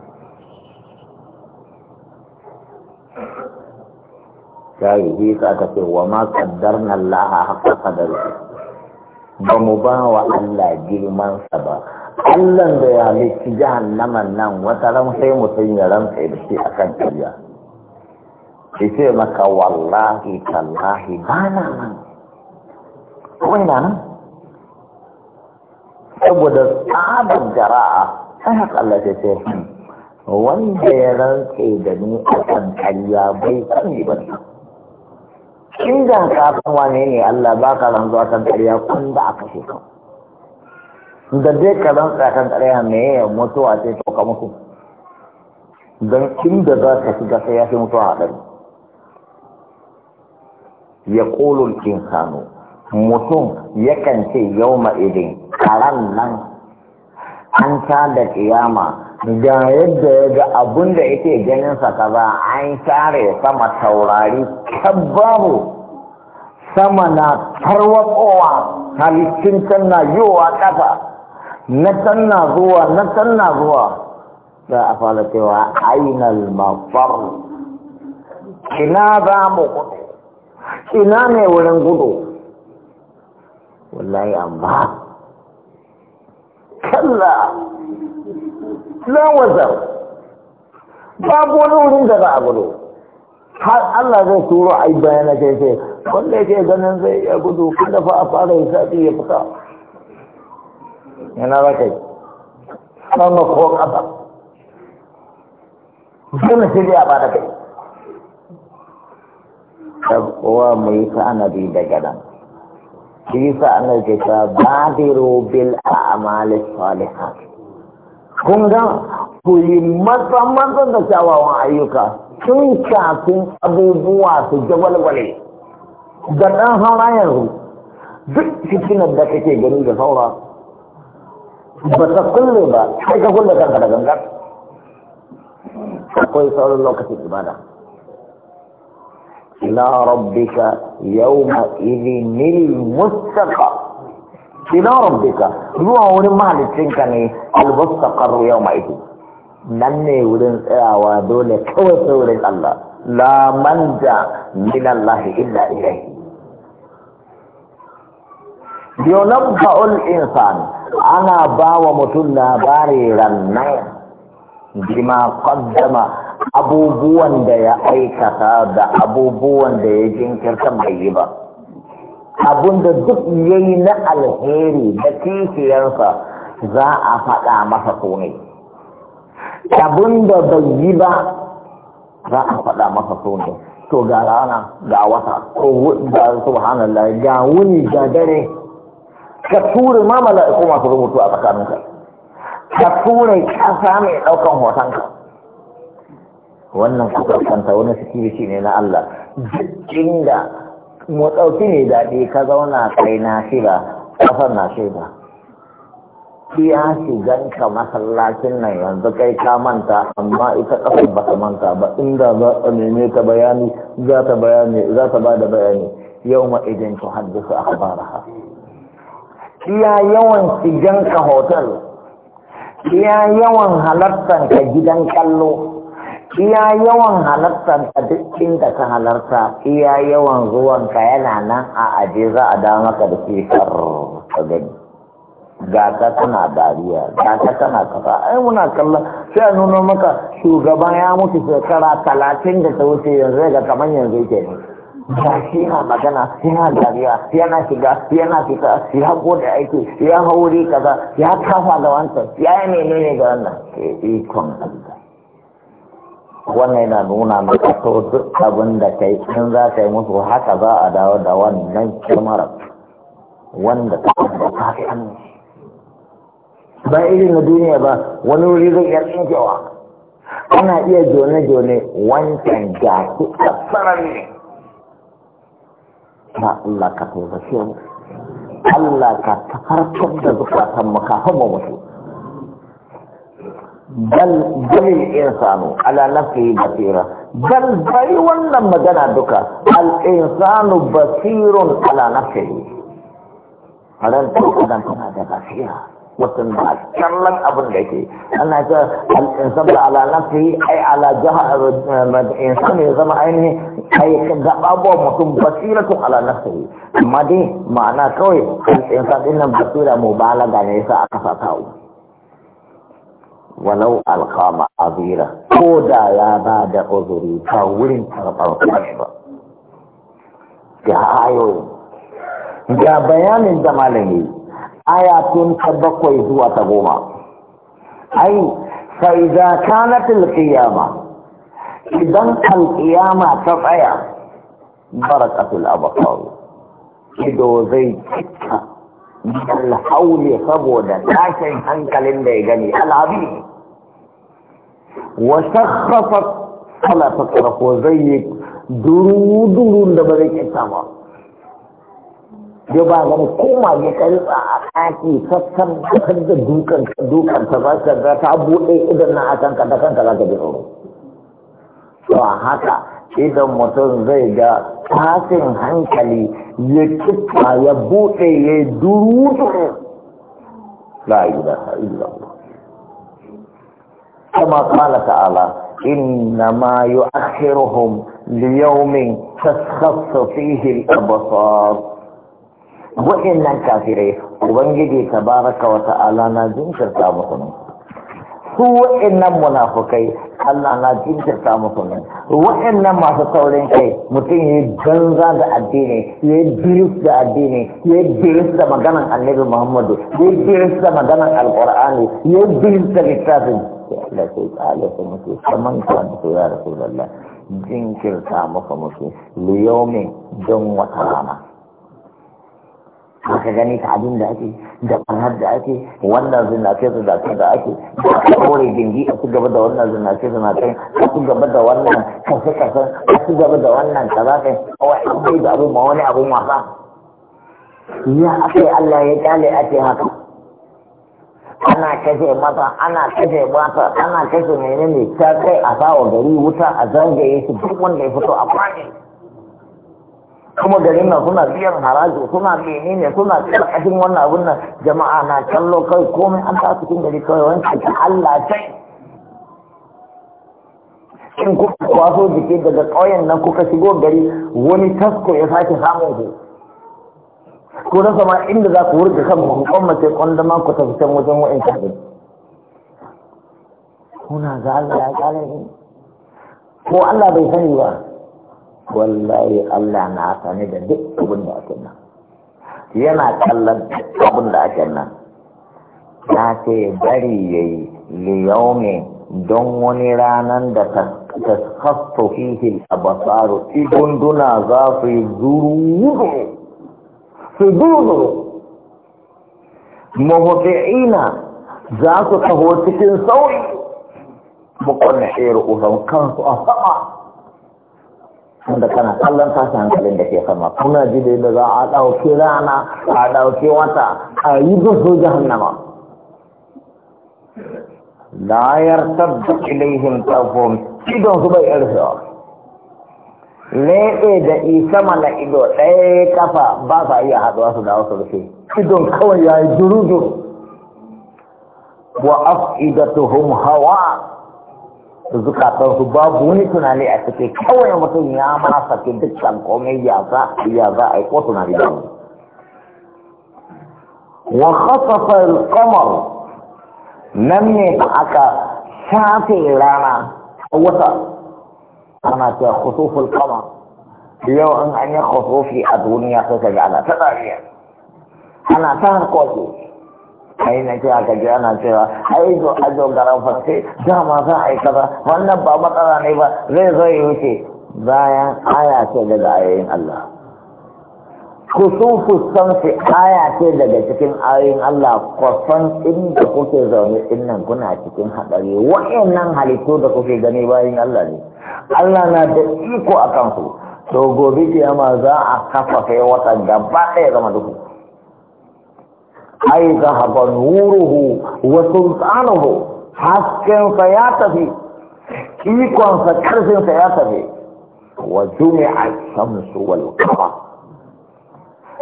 Ya yi ka ta ce wa ma qaddarna Allah haqqa qadarihi ba mu ba wa Allah sa ba Allah da ya halitti jahannama nan wata ran sai mutum ya rantsa da shi a kan ƙarya shi ce maka wallahi tallahi ba na nan kawai ina nan saboda tsabar jara'a sai haka Allah ce ce hmm, wanda ya rantsa da ni a kan ƙarya bai yi ba ne ingan kafin wane ne Allah ba ka rantsuwa kan ƙarya kun da aka ce kan da dai ka rantsa kan ƙarya me ya mutuwa ce to ka mutu don da za ka shiga sai ya fi mutuwa haɗari ya ƙolul insanu mutum yakan ce yau ma idin karan nan an ta da ƙiyama ga yadda ya ga abun da yake ganin sa kaza an kare sama taurari tabbabu sama na tarwatsowa halittun can na yiwa kafa na can na zuwa na can na zuwa za a fara cewa ainal mafar ina za mu gudu ina ne wurin gudu wallahi amma kalla la wazar babu wani wurin da za a gudu har Allah zai turo a yi bayan kai sai wanda yake ganin zai iya gudu Kun dafa a fara yi sati ya fita yana za ka yi ɗan ko ƙasa dole sai dai a ba da kai kowa mu yi tanadi daga nan shi sa ana ke ta badiru bil a'mali salihat kun ga ku yi maza-maza da kyawawan ayyuka tun kafin abubuwa su jawalwale da ɗan haura yanzu duk fitinar da kake gani da saura ba ta kulle ba sai ka kulle kanka da gangar akwai sauran lokacin ibada ila rabbika yawma idinil mustaqa ila rabbika zuwa wurin ka ne yau mai idin nan ne wurin tsayawa dole kawai sai wurin Allah la manja min Allah illa ilayhi yunabba'ul insan ana bawa mutum labari rannan bima qaddama abubuwan da ya aikata da abubuwan da ya jinkirta bai yi ba abinda duk yayi na alheri da kishiyarsa za a faɗa masa sunai abinda bai yi ba za a faɗa masa komai to ga rana ga wata ko ga subhanallah ga wuni ga dare ka tura ma mala'iku masu rubutu a tsakaninka ka tura ƙasa mai ɗaukan hotonka wannan kusurkanta kanta wani sikiriti ne na Allah duk inda mu ɗauki ne daɗi ka zauna kai na shida ƙasar na shida Ya shigan ka masallacin nan yanzu kai ka manta amma ita ƙasar ba ta manta ba inda za a neme ta bayani za ta bayani za ta ba da bayani yau ma idan ku haddasa akhbaraha iya yawan shigan ka hotel iya yawan halartar ka gidan kallo iya yawan halartar ka duk inda ka halarta iya yawan zuwan ka yana nan a aje za a dawo maka da ke kar ka gani ga ka tana dariya ga ka tana kafa ai muna kallon sai a nuna maka shugaban ya mutu shekara talatin da ta wuce yanzu ga kamar yanzu ke ne ga shi na magana na dariya na shiga na fita ya gode aiki ya hauri kaza ya kafa da wancan ya yi menene ga wannan ikon Allah wannan yana nuna maka to duk abin da kai in za ka yi musu haka za a dawo da wannan kyamarar wanda ta da ta san ba irin na duniya ba wani wuri zai iya tsinkewa ana iya jone-jone wancan gasu a tsarar ne ba Allah ka taimake mu Allah ka tafarkar da zukatan mu kafin mu mutu bal balil insanu ala nafsihi basira bal bai wannan magana duka al insanu basirun ala nafsihi ran dan tana da basira mutum ba kallon abin da yake ana ce al insan da ala nafsihi ai ala jahar eh, insan ya zama aini ai ga abubuwan mutum basiratun ala nafsihi amma dai ma'ana kawai al insan din nan basira mubalaga ne yasa aka sa kawo ولو ألقى معاذيرة كودا يا بعد عذري فاولين ترطر قشبة جاء آيوين جاء بيان جماله آيات تبقى يزوى تقوما أي فإذا كانت القيامة إذا القيامة تطيع بركة الأبصار إذا زي hauli saboda tashin hankalin da ya gani alhabi wa shakhafa salata tsarafo zai yi durudurun da ba zai kyanta ba ba gani koma ya karfa a kaki sassan bakar da dukan dukan ta ba ta ta buɗe idan na a kanka da kanka za ka ji tsoro to haka إذا mutum zai ga tasin hankali ya لا إله إلا الله كما قال تعالى إنما يؤخرهم ليوم تسخص فيه الأبصار وإن كافري وإن تبارك وتعالى نازل في الكامل su wa'annan munafukai Allah na ta musu ne wa'annan masu saurin kai mutum ya banza da addini ya biris da addini ya biris da maganan annabi Muhammadu ya biris da maganan alkur'ani ya biris da littafin Allah ke kale su mutu kaman ka mutu ya rasulullah jinkirta musu mutu liyomi don wata rana maka gani ka abin da ake da kwanar da ake wannan zinace zinace da ake da aka kore dingi a su gaba da wannan zinace zinace a su gaba da wannan kasa kasa a su gaba da wannan kaza kai kawai an da abin ma wani abin wasa ya ake Allah ya kyale ake haka ana kashe mata ana kashe mata ana kashe menene ta kai a sawa gari wuta a zangaye su duk wanda ya fito a kwaje kuma garin nan suna biyan haraji suna mene ne suna ajin wannan abun nan jama'a na kallo kai komai an ta cikin gari kawai wancan ta Allah sai in kuka kwaso jiki daga ƙauyen nan kuka shigo gari wani tasko ya sake samun ku ko na sama inda za ku wurga kan ku kwammace kwandama ku tafi can wajen wa'in kafin kuna ga Allah ya ƙara ko Allah bai sani ba wallahi Allah na sani da duk abin da ake nan yana kallon duk abin da ake nan Na ce bari ya yi liyaume don wani ranar da ta hasto fihi abasaru idon duna za su yi zuru su zuru mahufi'ina za su taho cikin sauri mukan shi'ir usan kansu a sama Wanda kana kallon tashi hankalin da ke sama kuna ji da yadda za a ɗauki rana a ɗauki wata a yi dusu jahannama la yartabdu ilaihim tafon idon su bai irsewa lebe da isa mana ido ɗaya kafa ba sa iya haɗuwa su da wasu rufe idon kawai ya yi juru-juru wa afidatuhum hawa zukatan su babu wani tunani a cikin kawai mutum ya ma sake dukkan komai ya za ya za a ko tunani da wani wa khasafa al-qamar nan ne aka shafe rana wata ana ta cewa al qamar yau an an yi khusufi a duniya sai ka ga ana ta dariya ana ta harkoki ai na ce aka ji ana cewa ai zo a zo garan fasfe dama za a yi kaza wannan ba matsala ne ba zai zo yi wuce bayan aya ce daga ayoyin Allah san sanfi aya ce daga cikin ayoyin Allah kwasan inda kuke zaune innan kuna cikin haɗari wa'annan halittu da kuke gani bayan Allah ne Allah na da iko a kansu to gobe kiyama za a kafa kai wata gaba ɗaya zama duku أي ذهب نوره وسلطانه حسكن سياته إيقوان سكرسن سياته وجمع الشمس والقمر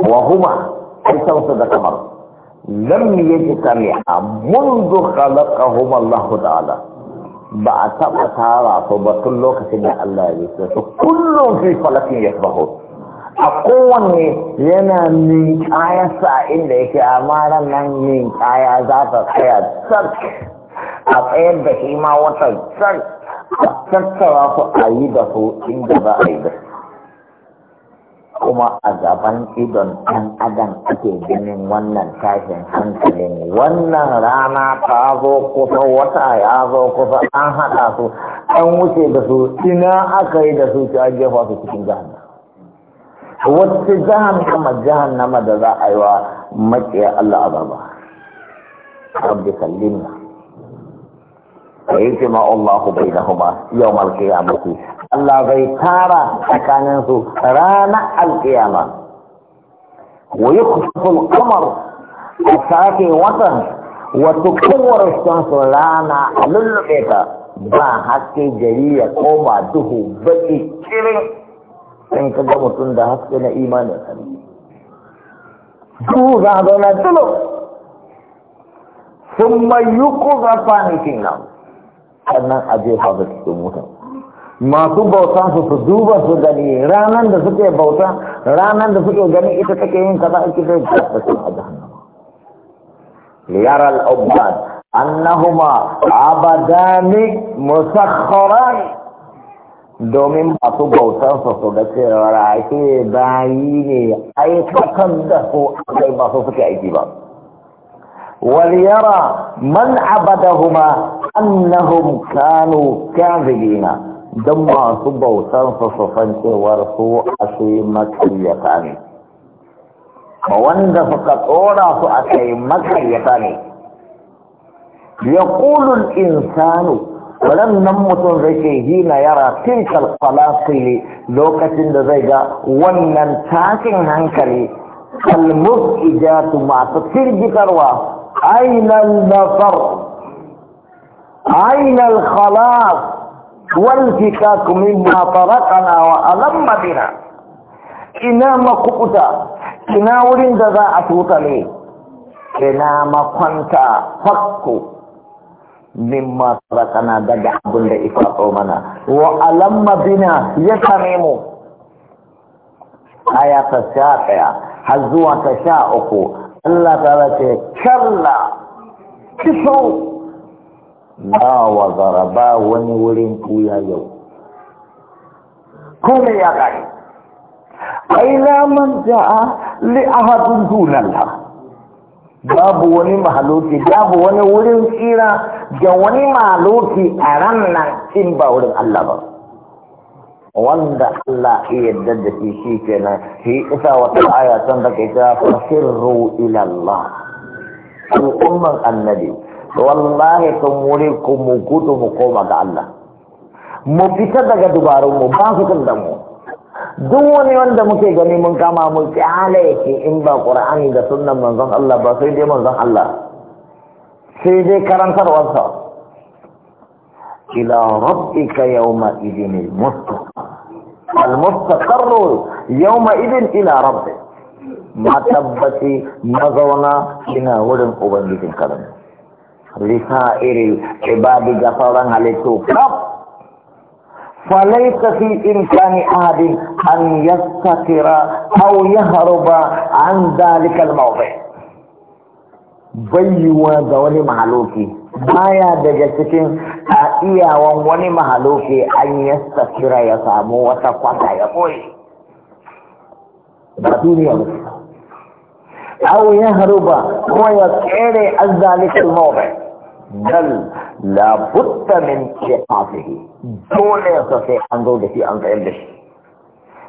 وهما الشمس والقمر لم يجتمع منذ خلقهما الله تعالى بعد ما taɓa tara su ba tun lokacin da Allah ya yi a kowane yana kaya a inda yake amma ran nan ninkaya za ta tsaya tsar a tsayar da shi ma wata tsar a tattara su a yi da su inda za a yi da kuma a gaban idon ɗan adam ake ganin wannan tashin ne. wannan rana ta zo kusa wata ya zo kusa an haɗa su an wuce da su ina aka yi da su ta jefa su cikin jihar wacce jahannama jahannama da za a yi wa maƙiya Allah azaba rabbi sallimna ayyuka ma Allahu bainahuma yawmal qiyamati Allah zai tara tsakanin su ranar alƙiyama wa yukhsifu al-qamar asake watan wa tukwar shamsu rana lullube ta ba haske jariya ko ba duhu baki kirin in ka ga mutum da haske na imanin sarki ku za a zauna tulo sun mai yi kuza fanikin nan sannan a jefa da cikin mutum masu bauta su su duba su gani ranar da suke bauta ranar da suke gani ita take yin kaza ake zai gasa sun a jahannama liyar al'ubbad annahuma abadani musakharani domin masu bautar su su ga cewa ake bayi ne aikatan da su a kai masu suke aiki ba yara man abadahuma annahum kanu kazibina don masu bautar su san cewar su yi makaryata ne wanda suka tsora su kai makaryata ne ya kulun insanu waɗannan mutum zai ke hina yara tilkal falasili lokacin da zai ga wannan tashin hankali kalmus ijatu masu firgitarwa ainihin nafar ainihin khalas walfika kuma ma farakana wa alam madina ina makubuta ina wurin da za a tuta ne ina makwanta fakko mimma tarakana daga abin da ifato mana wa alamma mabina ya same mu aya ta sha ɗaya har zuwa ta sha uku Allah ta race kalla kiso ba wa zaraba wani wurin kuya yau kuma ya ƙari aila man ja'a li ahadun dunallah babu wani mahaloki babu wani wurin tsira ga wani maluki a ran nan ba wurin Allah ba wanda Allah ya yarda da shi shi kenan shi isa wata aya san da ke ta fasirru ila Allah al'umman annabi wallahi sun wuri ku mu gudu mu koma ga Allah mu fita daga dubarun mu ba su da mu duk wani wanda muke gani mun kama mu kyale in ba ƙur'ani da sunan manzon Allah ba sai dai manzon Allah sai dai karantarwarsa ila rabbika yawma idin al-mustaqar al-mustaqar yawma idin ila rabbik matabbaci mazauna ina wurin ubangijin karin lisa iri ibadi ga sauran halittu kaf falaita fi imkani ahadin an yastakira aw yahruba an dalikal mawdi' bayyuwa ga wani mahaloki baya daga cikin a iyawan wani mahaloki an ya safira ya samu wata kwata ya koyi ba duniya ba aw ya haruba Kuma ya tsere azzalikul mawdi dal la budda min qiqafihi dole sa sai an zo da shi an tsayar da shi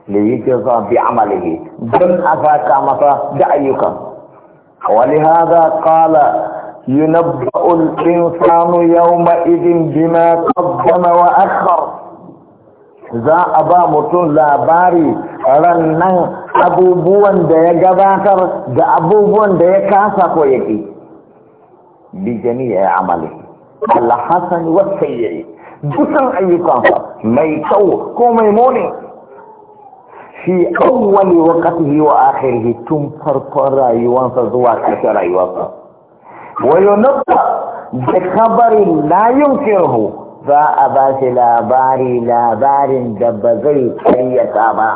da yake za amalihi don a fata masa da ayyukan ولهذا قال ينبأ الإنسان يومئذ بما قدم وأخر za a ba mutum labari rannan abubuwan da ya gabatar da abubuwan da ya kasa ko yake bi yi amali alhasan wa sayyi dukan ayyukansa mai kyau ko mai muni fi wakati yi wa akhirih tun farkon rayuwansa zuwa ƙarshen rayuwarsa wa yunabba bi khabarin la firhu za a ba shi labari labarin da ba zai karyata ba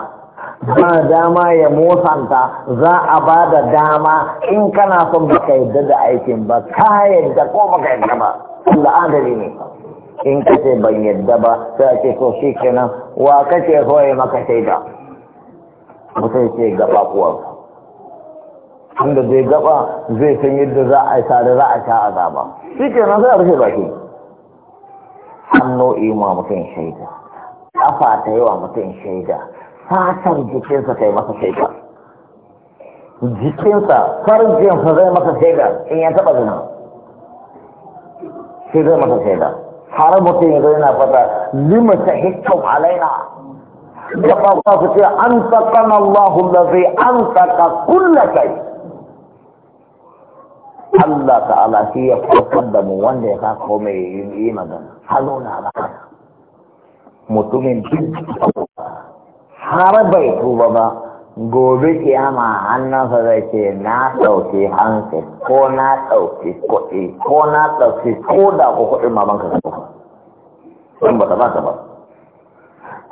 ba dama ya motsanta za a ba da dama in kana son ba ka yadda da aikin ba ka yadda ko ba ka yadda ba Allah ne in ce ban yadda ba sai ake ko shi kenan wa kace hoye maka shaida mutum ce gaba kuwa wanda zai gaba zai san yadda za a sha da za a sha zaba, shi ke nan sai rufe baki hannu ima mutum shaida kafa ta yi wa mutum shaida fatar jikinsa ta yi masa shaida jikinsa farjinsa zai masa shaida in ya taɓa zina shi zai masa shaida har mutum ya zai na fata lima ta hikam alaina ba su ce an taƙan Allahun da zai an taƙa kulla kai Allah ta'ala shi ya kwafar da wanda ya sa kome yi magana hannu na magana mutumin har bai tuba ba gobe kiyama hannunsa zai ce na ɗauki hansi ko na ɗauki kuɗi ko na ɗauki ko da ku kuɗin mamanka ka ɗauka. Ɗan ba ta ba ba.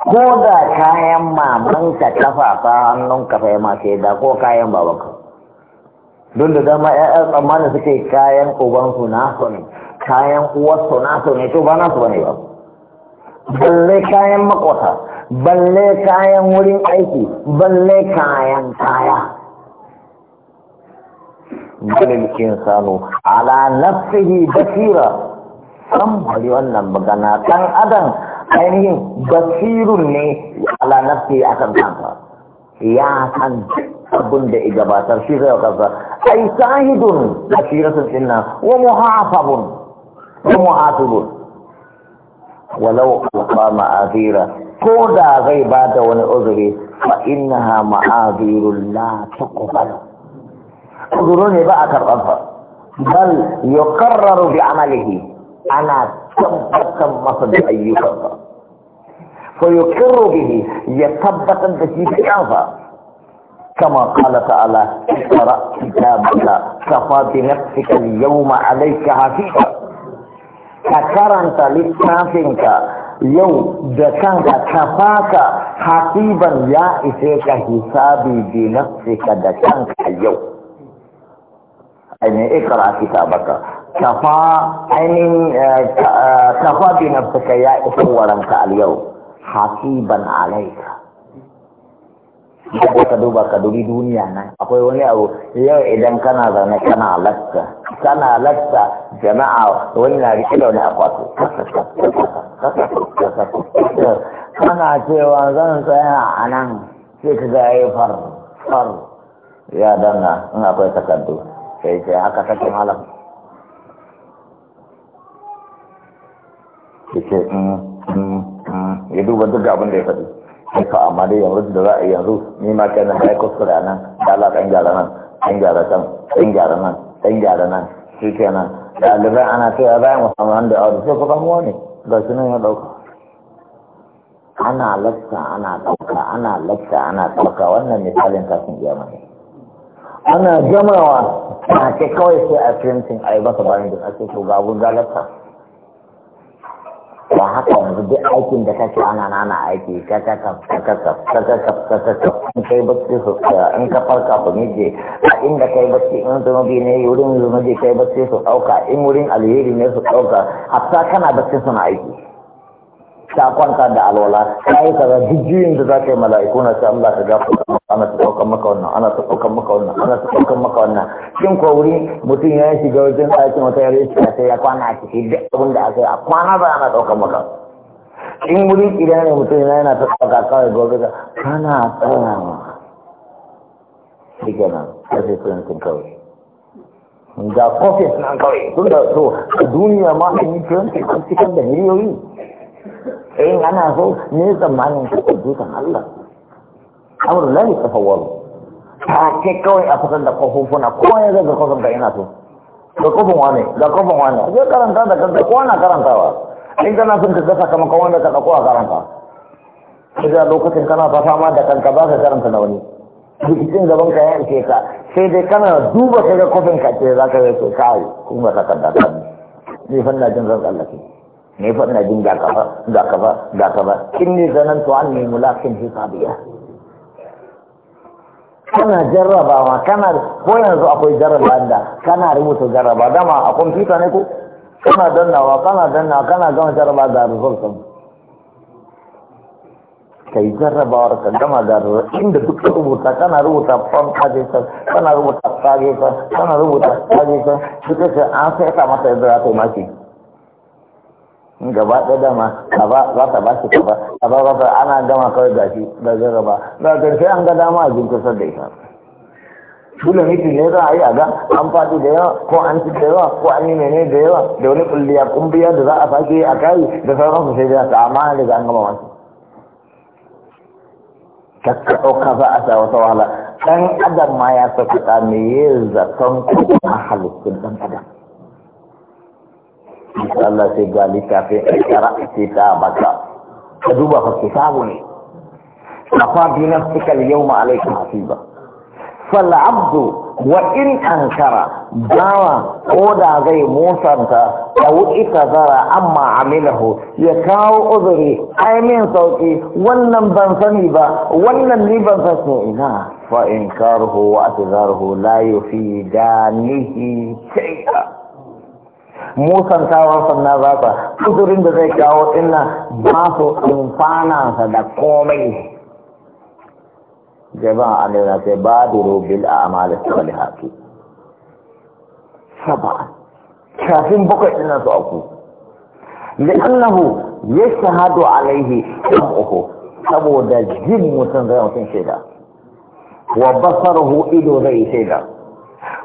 ko da kayan mamanka kafafa hannun kafa ya mace da ko kayan babanka don da dama ya'ya tsammanin suke kayan ubansu nasu ne kayan uwarsu nasu ne to ba nasu bane ba balle kayan makwata balle kayan wurin aiki balle kayan kaya bikin Sano ala nafsihi basira san bari wannan magana dan adam ainihin basirun ne ala nafsi a kan kansa ya san abin da ya gabatar shi zai kansa ai sahidun basiratun din nan wa muhafabun wa muhasibun walau alqa ma'azira ko da zai ba da wani uzuri fa ha ma'azirun la tuqbal uzuru ne ba a karɓar fa bal yuqarraru bi amalihi ana tabbatar به da ayyukansa fa كما قال تعالى اقرأ كتابك كفى بنفسك اليوم عليك حفيظا فكرنت لكتابك يوم دكانك كفاك حفيظا يا إسيك حسابي بنفسك دكانك اليوم يعني اقرأ كتابك kafa ainihin kafa eh, eh, bi nafsika ya isa waranka al yau hasiban alaika ka duba ka dubi duniya nan akwai wani abu yau idan kana zaune kana lasta kana lasta jama'a wani na rike da wani akwato kana cewa zan tsaya a nan sai ka ga ya far far ya danna in akwai takardu sai sai haka take malam yake mm, mm, mm. ya duba duk abin da ya faɗi haifa amma dai yanzu da za a yanzu ni ma kai kuskure a nan da Allah ɗan gyara nan ɗan gyara can ɗan gyara nan ɗan gyara nan shi ke nan ana cewa za a musamman da sai kuka muwa ne ga shi nan ya ɗauka ana lakta ana ɗauka ana lakta ana ɗauka wannan misalin kafin iya ne ana gamawa na kawai sai a printing a yi masa bayan da ake to galata ba haka yanzu duk aikin da kake ana nana aiki kakakaf ɗauka in wurin alheri ne su hatta kana bacci suna aiki ta kwanta da alwala ta yi kaza duk da za ka yi mala'iku na sai Allah ka gafa ana ta ɗaukan maka wannan ana ta ɗaukan maka wannan ana ta ɗaukan maka wannan shin ko wuri mutum ya shiga wajen ɗakin wata yare shi a sai ya kwana a ciki duk abin da aka yi a kwana ba ana ɗaukan maka in wuri idan ne mutum yana ta ɗauka kawai gobe ka kana tsayawa shi kenan sai sai sun kawai ga kofis nan kawai tun da so a duniya ma an yi kiran cikin da miliyoyi in ana so ne tsammanin ka kan Allah amur ta tafawwalu ta ke kawai a fasar da kofofuna kowa ya zaga kofin da ina so da kofin wane da kofin wane zai karanta da karanta kowa na karantawa in kana son ka gasa kama kawai da ka ɗauko a karanta ga lokacin kana ta fama da kanka ba ka karanta na wani rikicin gaban ka ya ishe ka sai dai kana duba kaga kofin ka ce za ka so kawai kuma ka kanta kan ni fanna jin zan tsallake ne fa ina jin gakaba gakaba gakaba kafa ga kafa kin ne zanan to an ne mulakin hisabiya kana jarrabawa kana ko yanzu akwai jarraba da kana rubuta jarraba dama a kwamfuta ne ko kana dannawa kana dannawa kana gama jarraba da result din kai jarrabawar ka gama da inda duk ka rubuta kana rubuta fam kaje ka kana rubuta ka kana rubuta ka duk sai an sai ka mata yadda za ta yi maki gaba ɗaya dama kaza za ta ba shi kaba a ba ba ana gama kawai da shi da jarraba da karshe an ga dama a jin kusa da ita tula mitin ne za a yi a ga an faɗi da yawa ko an ci da yawa ko an yi mene da yawa da wani kulliya kumbiya da za a sake a kayi da su sai da ta amma daga an gama wasu kakkaɗo ka za a sa wata wahala ɗan adam ma ya saka me ya zaton kuma halittun ɗan adam Allah sai ga littafin ta kitabaka ka duba fa kitabu ne kafa bi nafsika al-yawma alayka hasiba fal abdu wa in ankara bawa ko da zai musanta aw zara amma amilahu ya kawo uzuri ai min sauki wannan ban sani ba wannan ni ban sani ina fa karhu wa atzaruhu la yufidanihi shay'a Musan musantawan sannan za ta kudurin da zai kawo ina ba su amfanansa da komai jama'a alaina sai badiru bil a'malis haƙi saba kafin bakwai ina su aku ya shahadu alaihi uku saboda jin mutum zai mutum shaida wa basaruhu ido zai shaida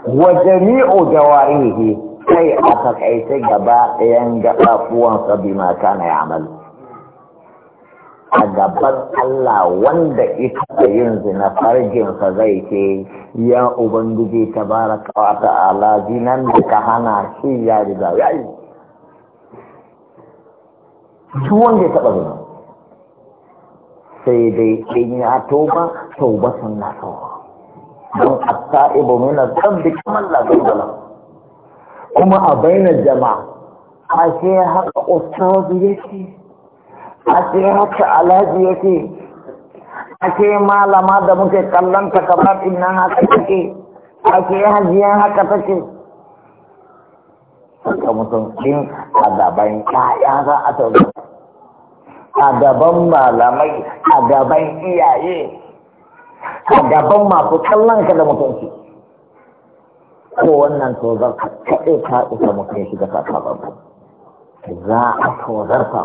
wa jami'u jawarihi kai a takaice gaba ɗayan gaɓaɓuwansa bi mata na Amalu. a gaban Allah wanda ita da yin zina farjinsa zai ke ya ubangiji ta baraka wa ta'ala zinan da ka hana shi ya riga ya yi shi wanda ya taɓa zina sai dai in ya toba tauba sun na tsawa don a sa'ibu mina zambi kamar lagun kuma a bainar jama'a a ce haka ustazu yake a ce haka alhaji yake a ce malama da muke kallon kamar nan haka take a ce hajiyan haka take suka mutum ɗin a gaban ƙaya za a tauri a gaban malamai a gaban iyaye a gaban mafi kallon ka da mutunci ko wannan tozar ka kaɗai ka isa mutum ya shiga sakamakon za a tozar ka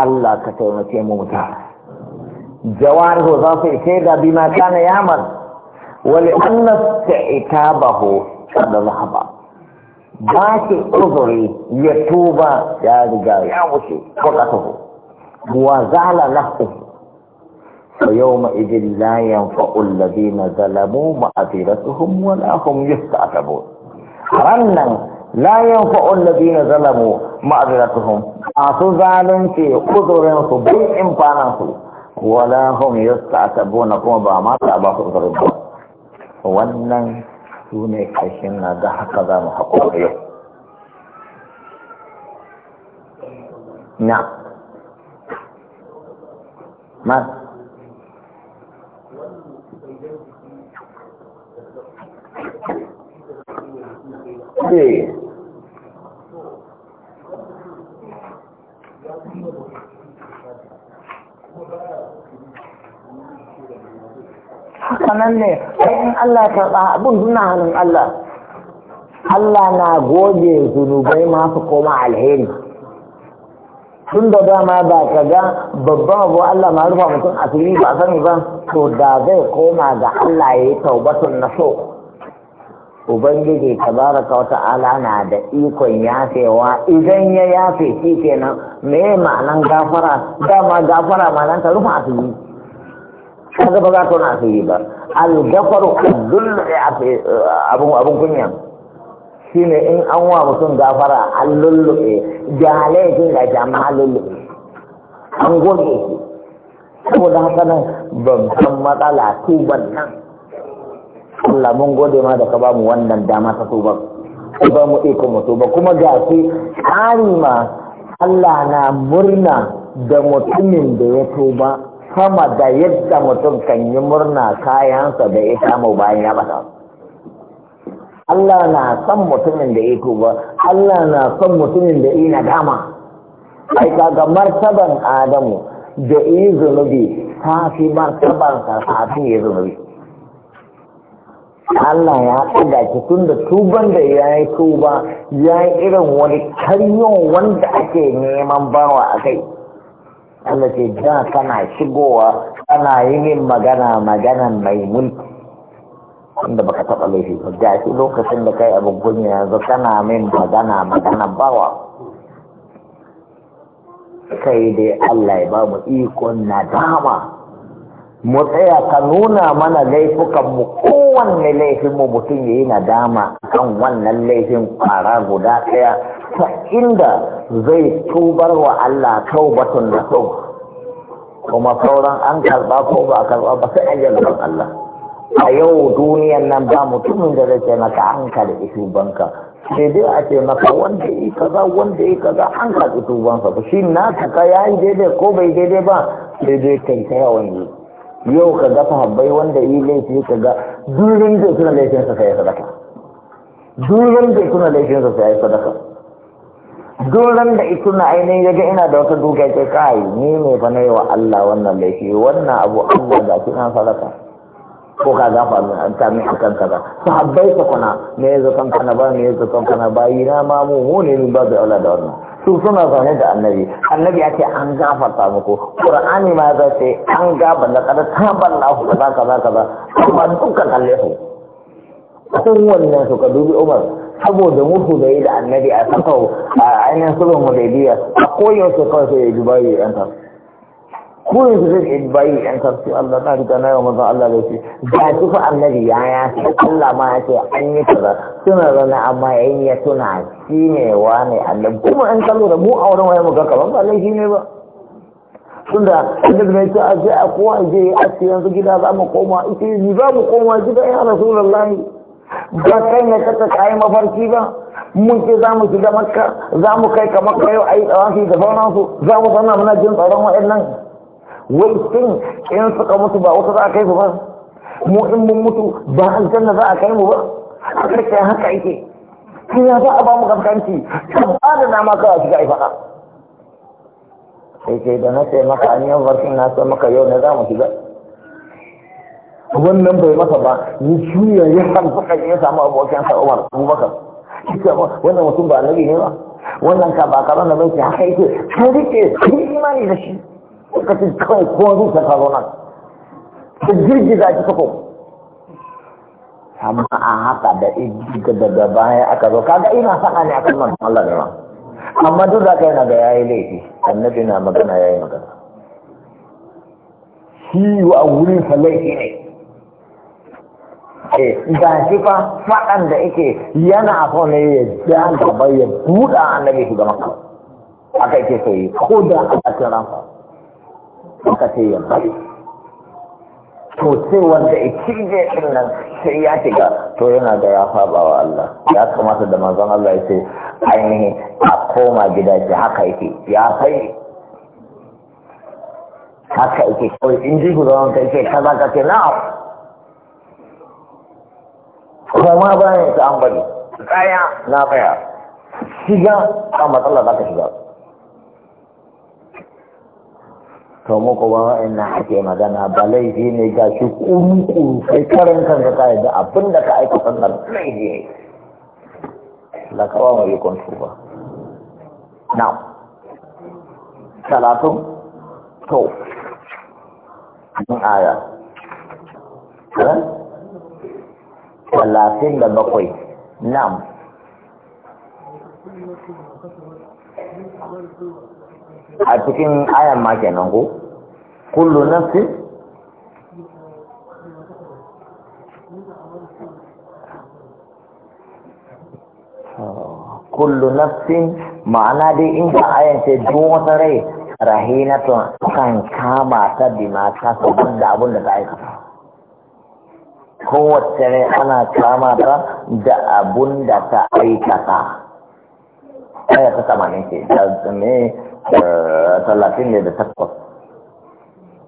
Allah ka taimake mu mutum jawarihu za su ishe da bi ma kana yaman wali annas ta itabahu kada zahaba ba shi uzuri ya tuba ya riga ya wuce ko wa zala nahu فيومئذ لا ينفع الذين ظلموا معذرتهم ولا هم يستعتبون رنا لا ينفع الذين ظلموا معذرتهم أعطوا قدر قدرنسوا بإمكانسوا ولا هم يستعتبون كما بما تعبوا ضربوا wannan سوني ne ƙarshen na da نعم ماذا ce haka ne in Allah ta karɓa abin suna hannun Allah Allah na goge zunubai masu koma alheri tun da dama ba ka ga babban abu Allah ma rufa mutum asiri ba sani ba to da zai koma ga Allah ya yi taubatun na so ubangiji tabaraka wa ta'ala na da ikon yafewa idan ya yafe shi kenan me ma'anan gafara dama gafara ma'anan ta rufa asiri kaga ba za ta wani asiri ba al-gafaru adullu eh, abun abun kunya shine in an wa mutum gafara an lullube da laifin da jama'a lullube an gode shi saboda haka nan babban matsala tuban nan Allah mun gode ma da ka ba mu wannan dama ta tuba ka ba mu iko mu tuba kuma ga shi harima Allah na murna da mutumin da ya tuba sama da yadda mutum kan yi murna kayansa da ya samu bayan ya bata Allah na son mutumin da ya tuba Allah na son mutumin da ya nadama ai kaga martaban Adamu da yi zunubi ta fi martaban sa kafin ya zunubi Allah ya ɗaga ki tun da tuban da ya yi tuba ya yi irin wani karyon wanda ake neman bawa a kai. Allah ce da kana shigowa kana yi min magana magana mai mulki wanda baka taɓa laifi ba da shi lokacin da kai abin kunya yanzu kana min magana magana bawa. Kai dai Allah ya ba mu ikon nadama. mu tsaya ka nuna mana laifukan mu kowanne laifinmu mutum ya yi nadama kan wannan laifin kwara guda ɗaya ta inda zai tubar wa Allah batun da tau kuma sauran an karba ko ba a karba ba sai an yarda Allah a yau duniyan nan ba mutumin da zai ce maka an karɓi banka sai dai a ce maka wanda yi kaza wanda yi kaza an karɓi banka ba shi naka ka yayi daidai ko bai daidai ba sai dai kai ta yawan yi yau ka ga sahabbai wanda yi laifi ka ga durin da suna sa sai ya sadaka durin da suna sa sai ya sadaka durin da ita na ainihin ya ga ina da wata duka ke kai ni ne fa na yi wa Allah wannan laifi wannan abu Allah da kina sadaka ko ka gafa min an ta min akan kaza sahabbai ta kuna me yazo kan kana ba me yazo kan kana ba yi na ma mu mu ne ba da aula da wannan su suna zaune da annabi annabi ya an gafarta muku qur'ani ma za ce an gaban da kada taballahu kaza kaza kaza amma dukkan kalle su kowannen su ka dubi umar saboda mutu da yi da annabi a sakau a ainihin sulhun hudaybiya a koyaushe kawai sai ya dubayi yan yanta. ko su zai yi bayi yan karfi Allah na riga na yawa mazan Allah laifi ga kifa annabi ya ya ce Allah ma ya ce an yi kaza suna zana amma yan ya tuna shi ne wa ne Allah kuma an kallo da mu a wurin waye muka kaban ba laifi ne ba tunda annabi ne ce a je a kowa je a ce yanzu gida za mu koma ita ni ba mu koma gida ya rasulullahi ba kai ne ka ta mafarki ba mun ce za mu shiga makka za mu kai ka makka yau a yi tsawon da sauransu za mu zauna muna jin tsaron nan? waifin in suka mutu ba wata za a kai su ba mu in mun mutu ba aljanna za a kai mu ba a karke haka yake sai ya za a ba mu kaskanci ba da nama kawai shiga ifaka sai sai da na sai maka an yau barkin na sai maka yau ne za mu shiga wannan bai masa ba ya shuya ya suka ya samu abokan sa Umar Abubakar ba wannan mutum ba annabi ne ba wannan ka ba karon da bai haka yake sai rike imani da shi suka fi kawai kuma zuciya ta zo ta girgiza shi ta kuma amma a haka da igiga daga baya aka zo kaga ina saka ne kan nan Allah ne ma amma duk da kai na ga yayi laifi annabi na magana yayi magana shi wa wurin fa laifi ne da eh, shi fa fadan da yake yana so ne ya ja gaba ya buɗa annabi shi ga maka aka yake sai yi ko da a tsara ranfa suka ce ya bari to sai wanda ya je din nan sai ya shiga to yana da ya faɓa wa Allah ya kamata da manzon Allah ya ce ainihi a koma gida shi haka yake ya sai haka yake kawai in ji ku zama kai ce kaza ka ce na'am kuma bayan ta ambali bari tsaya na tsaya shiga a matsala za ka shiga to muku ba wa'annan ake magana ba laifi ne ga shi kurukuru sai karin kanka ka yadda abin da ka aika sannan laifi ne la kawo mai yukon tuba na talatin to aya talatin da bakwai nam. a cikin ayan ma kenan ko kullu nafsin kullu nafsin ma'ana dai in ba ayan ce duk wata rai rahinatun kan kama ta bima ta da abun da ta aikata kowace rai ana kama ta da abun da ta aikata ta samanin ke da me Eh, talatin ne da takwas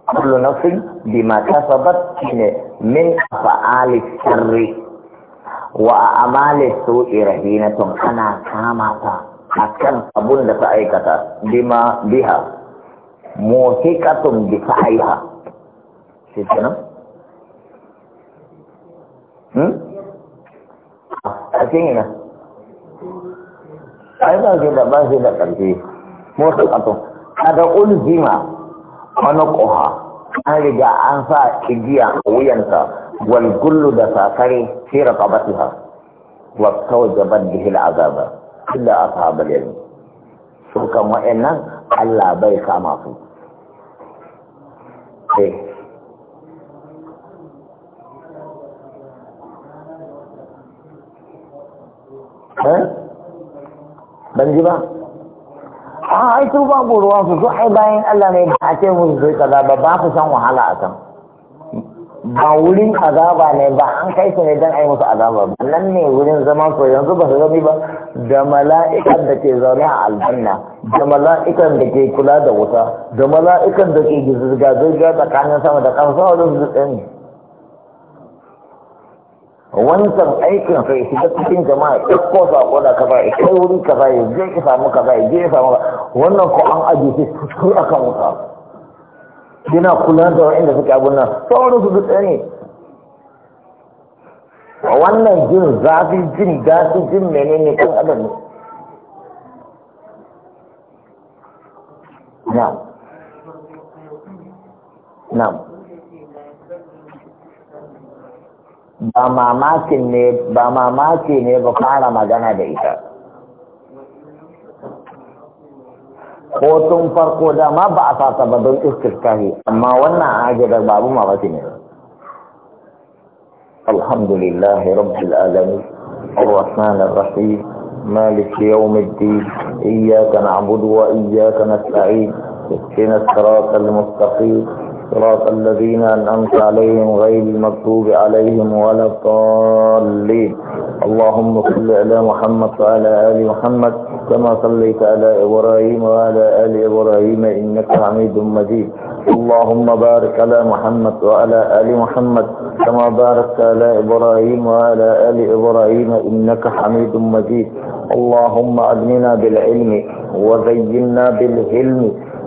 kullu nafsin bima kasabat shine min fa'ali sirri wa amali su'i rahinatun ana kama ta akan abun da ta aikata bima biha muhiqatun bi sa'iha shi kenan hmm? a cikin ina ai ba shi da ba shi da ƙarfi motsa kada ulzima wani ƙoha an riga an sa igiya a wuyanta wal gullu da sakare fi ha. wa tawjabat bihi al azaba illa ashabal ilm su kan wa'annan Allah bai kama su eh, eh? ban ji ba a ai su babu ruwan su su ai bayan Allah ne ba a ce musu sai kaza ba ba su san wahala a kan ba wurin azaba ne ba an kai su ne don ai musu azaba ba nan ne wurin zaman su yanzu ba su zami ba da mala'ikan da ke zaune a aljanna da mala'ikan da ke kula da wuta da mala'ikan da ke zirga-zirga tsakanin sama da sama wajen su tsaye wancan aikin sai shiga cikin jama'a ko ko da kaza ya kai wuri kaza ya je ya samu kaza ya je ya samu wannan ko an aje shi su akan wuta yana kula da wa'inda suke abun nan sauran su duk ne wannan jin zafi jin daɗi jin menene kan adam ne na'am na'am با ما ما کې نه با ما ما کې نه به کار ما خوتم پر اما ونا آجے در ما باتی نہیں الحمدللہ رب العالمين الرحمن الرحیم مالک یوم الدین ایاکا نعبد وإياك نستعين نستعین اتنا المستقيم صراط الذين أنعمت عليهم غير المغضوب عليهم ولا الضالين اللهم صل على محمد وعلى آل محمد كما صليت على إبراهيم وعلى آل إبراهيم إنك حميد مجيد اللهم بارك على محمد وعلى آل محمد كما باركت على إبراهيم وعلى آل إبراهيم إنك حميد مجيد اللهم أدمنا بالعلم وزينا بالهلم